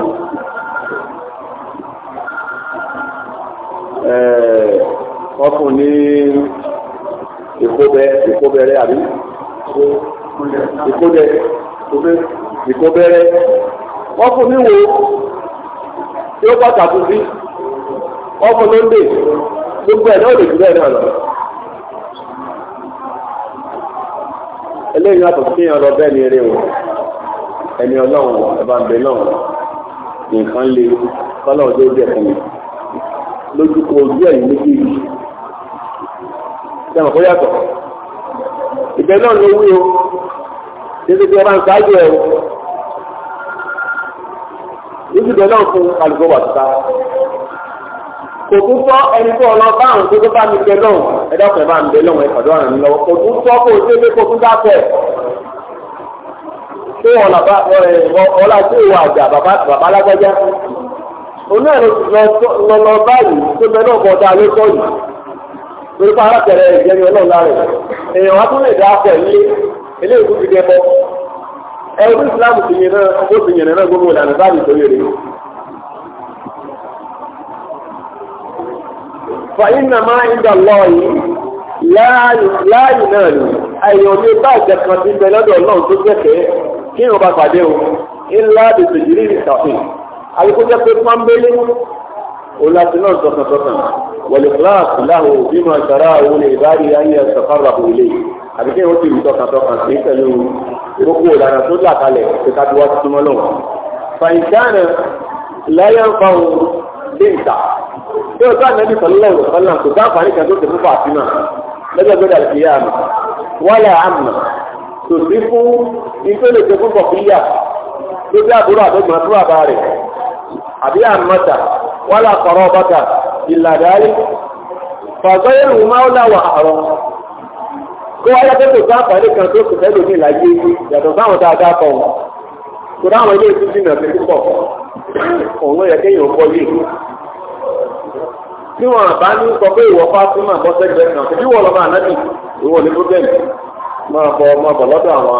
wọ́n fún ní ìkóbẹ̀rẹ̀ àbí ìkóbẹ̀rẹ̀ wọ́n fún ní wo tí fún lóńdè gbogbo ẹ̀ náà lè jù bẹ́ẹ̀ náà eléyìí náà tó fi lọ bẹ́ẹ̀ ni eré o ẹni ọlọ́run ẹ̀bá ń bẹ lọ́run nǹkan le kọ́lọ́run tó mi lójú kò ojú ẹ̀yìn méjì yìí sẹ́wọ̀n kó yàtọ̀ ìbẹ̀ náà ló wí o títí tí wọ́n ń ṣáájú ẹ̀ o lójú náà fún alùpùpù àtúntà kò tún sọ ẹni tó ọlọ bá àwọn tó tó bá mi bẹ lọ́wọ́ ẹ̀dá ọ̀fẹ́ bá mi bẹ lọ́wọ́ ẹ̀fọ̀dọ́ ọ̀ràn mi lọ́wọ́ kò tún sọ kó o ṣe é lé kó tún dáfẹ́ tó ọ̀là tó ìwà àjà bàbá lágbájá oní ẹ̀rọ lọ́lọ́ báyìí tó bẹ náà bọ̀dá ló sọ yìí torí pa alákẹ̀rẹ̀ ìjẹni ọlọ́run lára èèyàn wá tún lè dá pẹ̀ ilé ilé ìkú ti dẹ bọ́ ẹ̀rọ ìsìlámù ti yẹn náà ó ti yẹn náà gbogbo ìlànà báyìí tó yẹ fàyínà máa ń gbà lọ yìí láàyè náà ni àyàn ní bá ìjẹ kan ti bẹ lọ́dọ̀ náà tó jẹ́kẹ́ kí ìrìn ọba pàdé o ńlá dèbè yìí rí ìtàfẹ́ àyíkó jẹ́ pé pọ́nbélé o láti náà sọ̀tàn-sọ̀tàn wọ̀lẹ̀ kíláàsì láhùn bí máa ṣàrá òun lè bá rí ayé ṣàfàrà òun lè àbí kí wọ́n ti rí sọ̀tàn-sọ̀tàn sí pẹ̀lú gbogbo ìlànà tó là kalẹ̀ pé ká ti wá sí súnmọ́ lọ́wọ́ fàyìntánà láyé ń fa òun dé ìta e o sá nẹ́bí sọ̀lọ́ ọ̀sọ̀lọ́ kò sá àǹfààní kan tó ti fún fàtínà lọ́jọ́ gbé dàbí ìyá mi wálé àmì kò sí fún ife lè ṣe fún kọ̀fíyà tó bí àbúrò àbẹ̀gbọ̀n àbúrò àbá rẹ̀ àbí àmọ́ta wálé àkọ́rọ́ ọbọ̀ta ìlàdáyé fàgbọ́yé rù máa ń láwà àrọ̀ kó wáyé tó kò sá àǹfààní kan tó kò fẹ́ lómi ìlàyé yàtọ̀ sáwọn dáadáa kọ̀ wọn kò ilé nà tí wọn ní sọ pé ìwọ Fátímà bọ́ sẹ́gbẹ̀ẹ́ kan bí wọ́n lọ máa nábì ìwọ ní bíbélì máa bọ ọmọ bọ̀ lọ́dọ̀ àwọn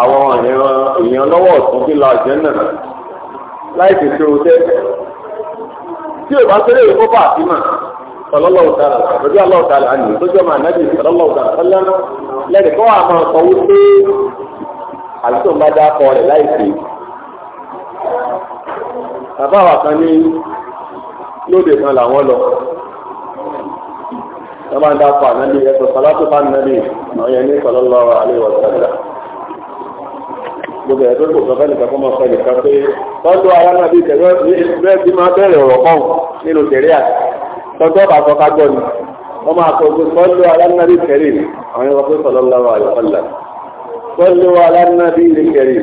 àwọn èèyàn lọ́wọ́ ọ̀tún bí la jẹ́ náà láì tí bá ìfọ́ àná ọmọ ànábì lẹ́nu lóde kan làwọn lọ wọ́n máa ń dápọ̀ ànábì ẹ̀sọ̀ sọ́látò bá nàbì àwọn yẹn ní sallallahu alaihi wa sallam gbogbo ẹ̀dọ́ kò sọ fẹ́ni kankan máa fẹ́ nìkan pé tọ́jú ara náà bí tẹ̀lé bẹ́ẹ̀ bí máa bẹ̀rẹ̀ ọ̀rọ̀ kan nínú tẹ̀lé à tọ́jú ọba sọ ká gbọ́ ni wọ́n máa sọ pé tọ́jú ara náà bí tẹ̀lé àwọn ẹ̀rọ pé sallallahu alaihi wa sallam ara náà bí tẹ̀lé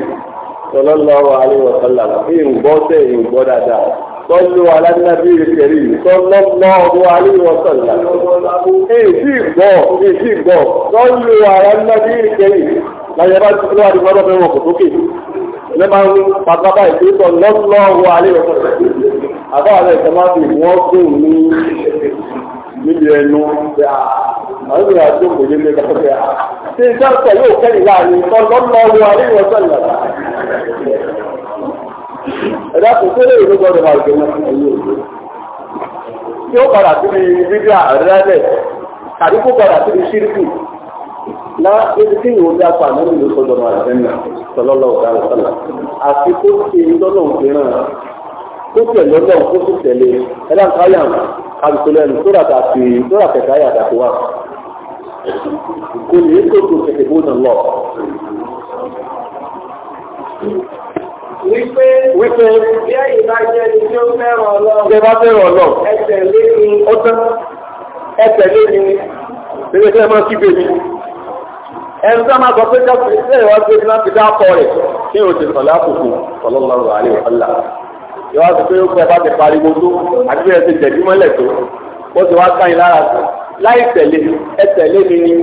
sallallahu alaihi wa sallam صلوا على النبي الكريم صلى الله عليه وسلم ايجيب بو ايجيب بو صلوا على النبي الكريم لا يرد كل واحد مرة في وقت اوكي لما بقى صلى الله عليه وسلم àbá àlẹ́ ìtẹ́mátì wọ́n gùn ní níbi ẹnu pé àwọn ìrìn àjò kò lè lè kàtó pé ṣé ìjọba yóò kẹ́yìn láàrin sọ́lọ́lọ́wọ́ àríwọ̀sọ̀lọ́ ẹ̀dá kò tó lè ló gbọ́dọ̀ máa jẹun ẹ̀yìn òde tí ó padà sí ibi bíbíà rẹ́lẹ̀ tàbí kó padà sí ibi ṣírìkì náà ibi tí ìwò bí apá nínú ìlú sọ́dọ̀ máa jẹun náà sọlọ́lọ́ ọ̀gá ọ̀sọ́là àti kó ṣe lọ́nà òfìràn kó tẹ̀lé ọ̀nà kó sì tẹ̀lé ẹ̀dá káyà àbùsọ̀lẹ́nu tó rà tàbí tó rà kẹ̀kẹ́ àyà àdàkọ́ wa kò ní kó wípé wípé bí ẹ̀yìn bá jẹ́ ẹni tí ó fẹ́ràn ọlọ́run. ṣé bá fẹ́ràn ọlọ́run. ẹsẹ̀ lé ní. ó tán ẹsẹ̀ lé ní. bébí ẹsẹ̀ máa kígbe mi. ẹnu tá máa sọ pé káfíń ṣe ìwà ṣe ní láti dá ọkọ rẹ̀ kí ti pé ó fẹ́ bá ti pariwo tó àti bí ẹ ti jẹ̀bí mọ́lẹ̀ tó ó ti wá káyìn lára láì tẹ̀lé ẹsẹ̀ lé ní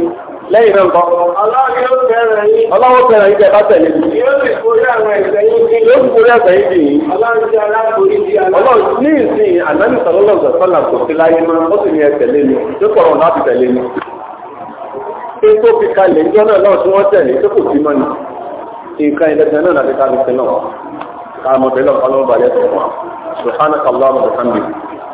lẹ́yìn náà nǹkan. ọlọ́run yóò fẹ́ràn yín. ọlọ́run fẹ́ràn yín tẹ́ bá tẹ̀lé. yóò sì forí àwọn ẹ̀ṣẹ̀ yín bí. yóò sì forí ẹ̀ṣẹ̀ yín bí. ọlọ́run ti aláborí ti aláborí. ọlọ́run ní ìsìn ànábì sọlọ́lọ́ sọ̀tọ́là kò sí láyé mọ́ ó sì ní ẹ tẹ̀lé mi tó kọ̀rọ̀ láti tẹ̀lé mi. pé tó fi kalẹ̀ ìjọ náà náà tí wọ́n tẹ̀lé tó kò sí mọ́ ni. nǹkan ìdẹ́gbẹ́ náà láti ká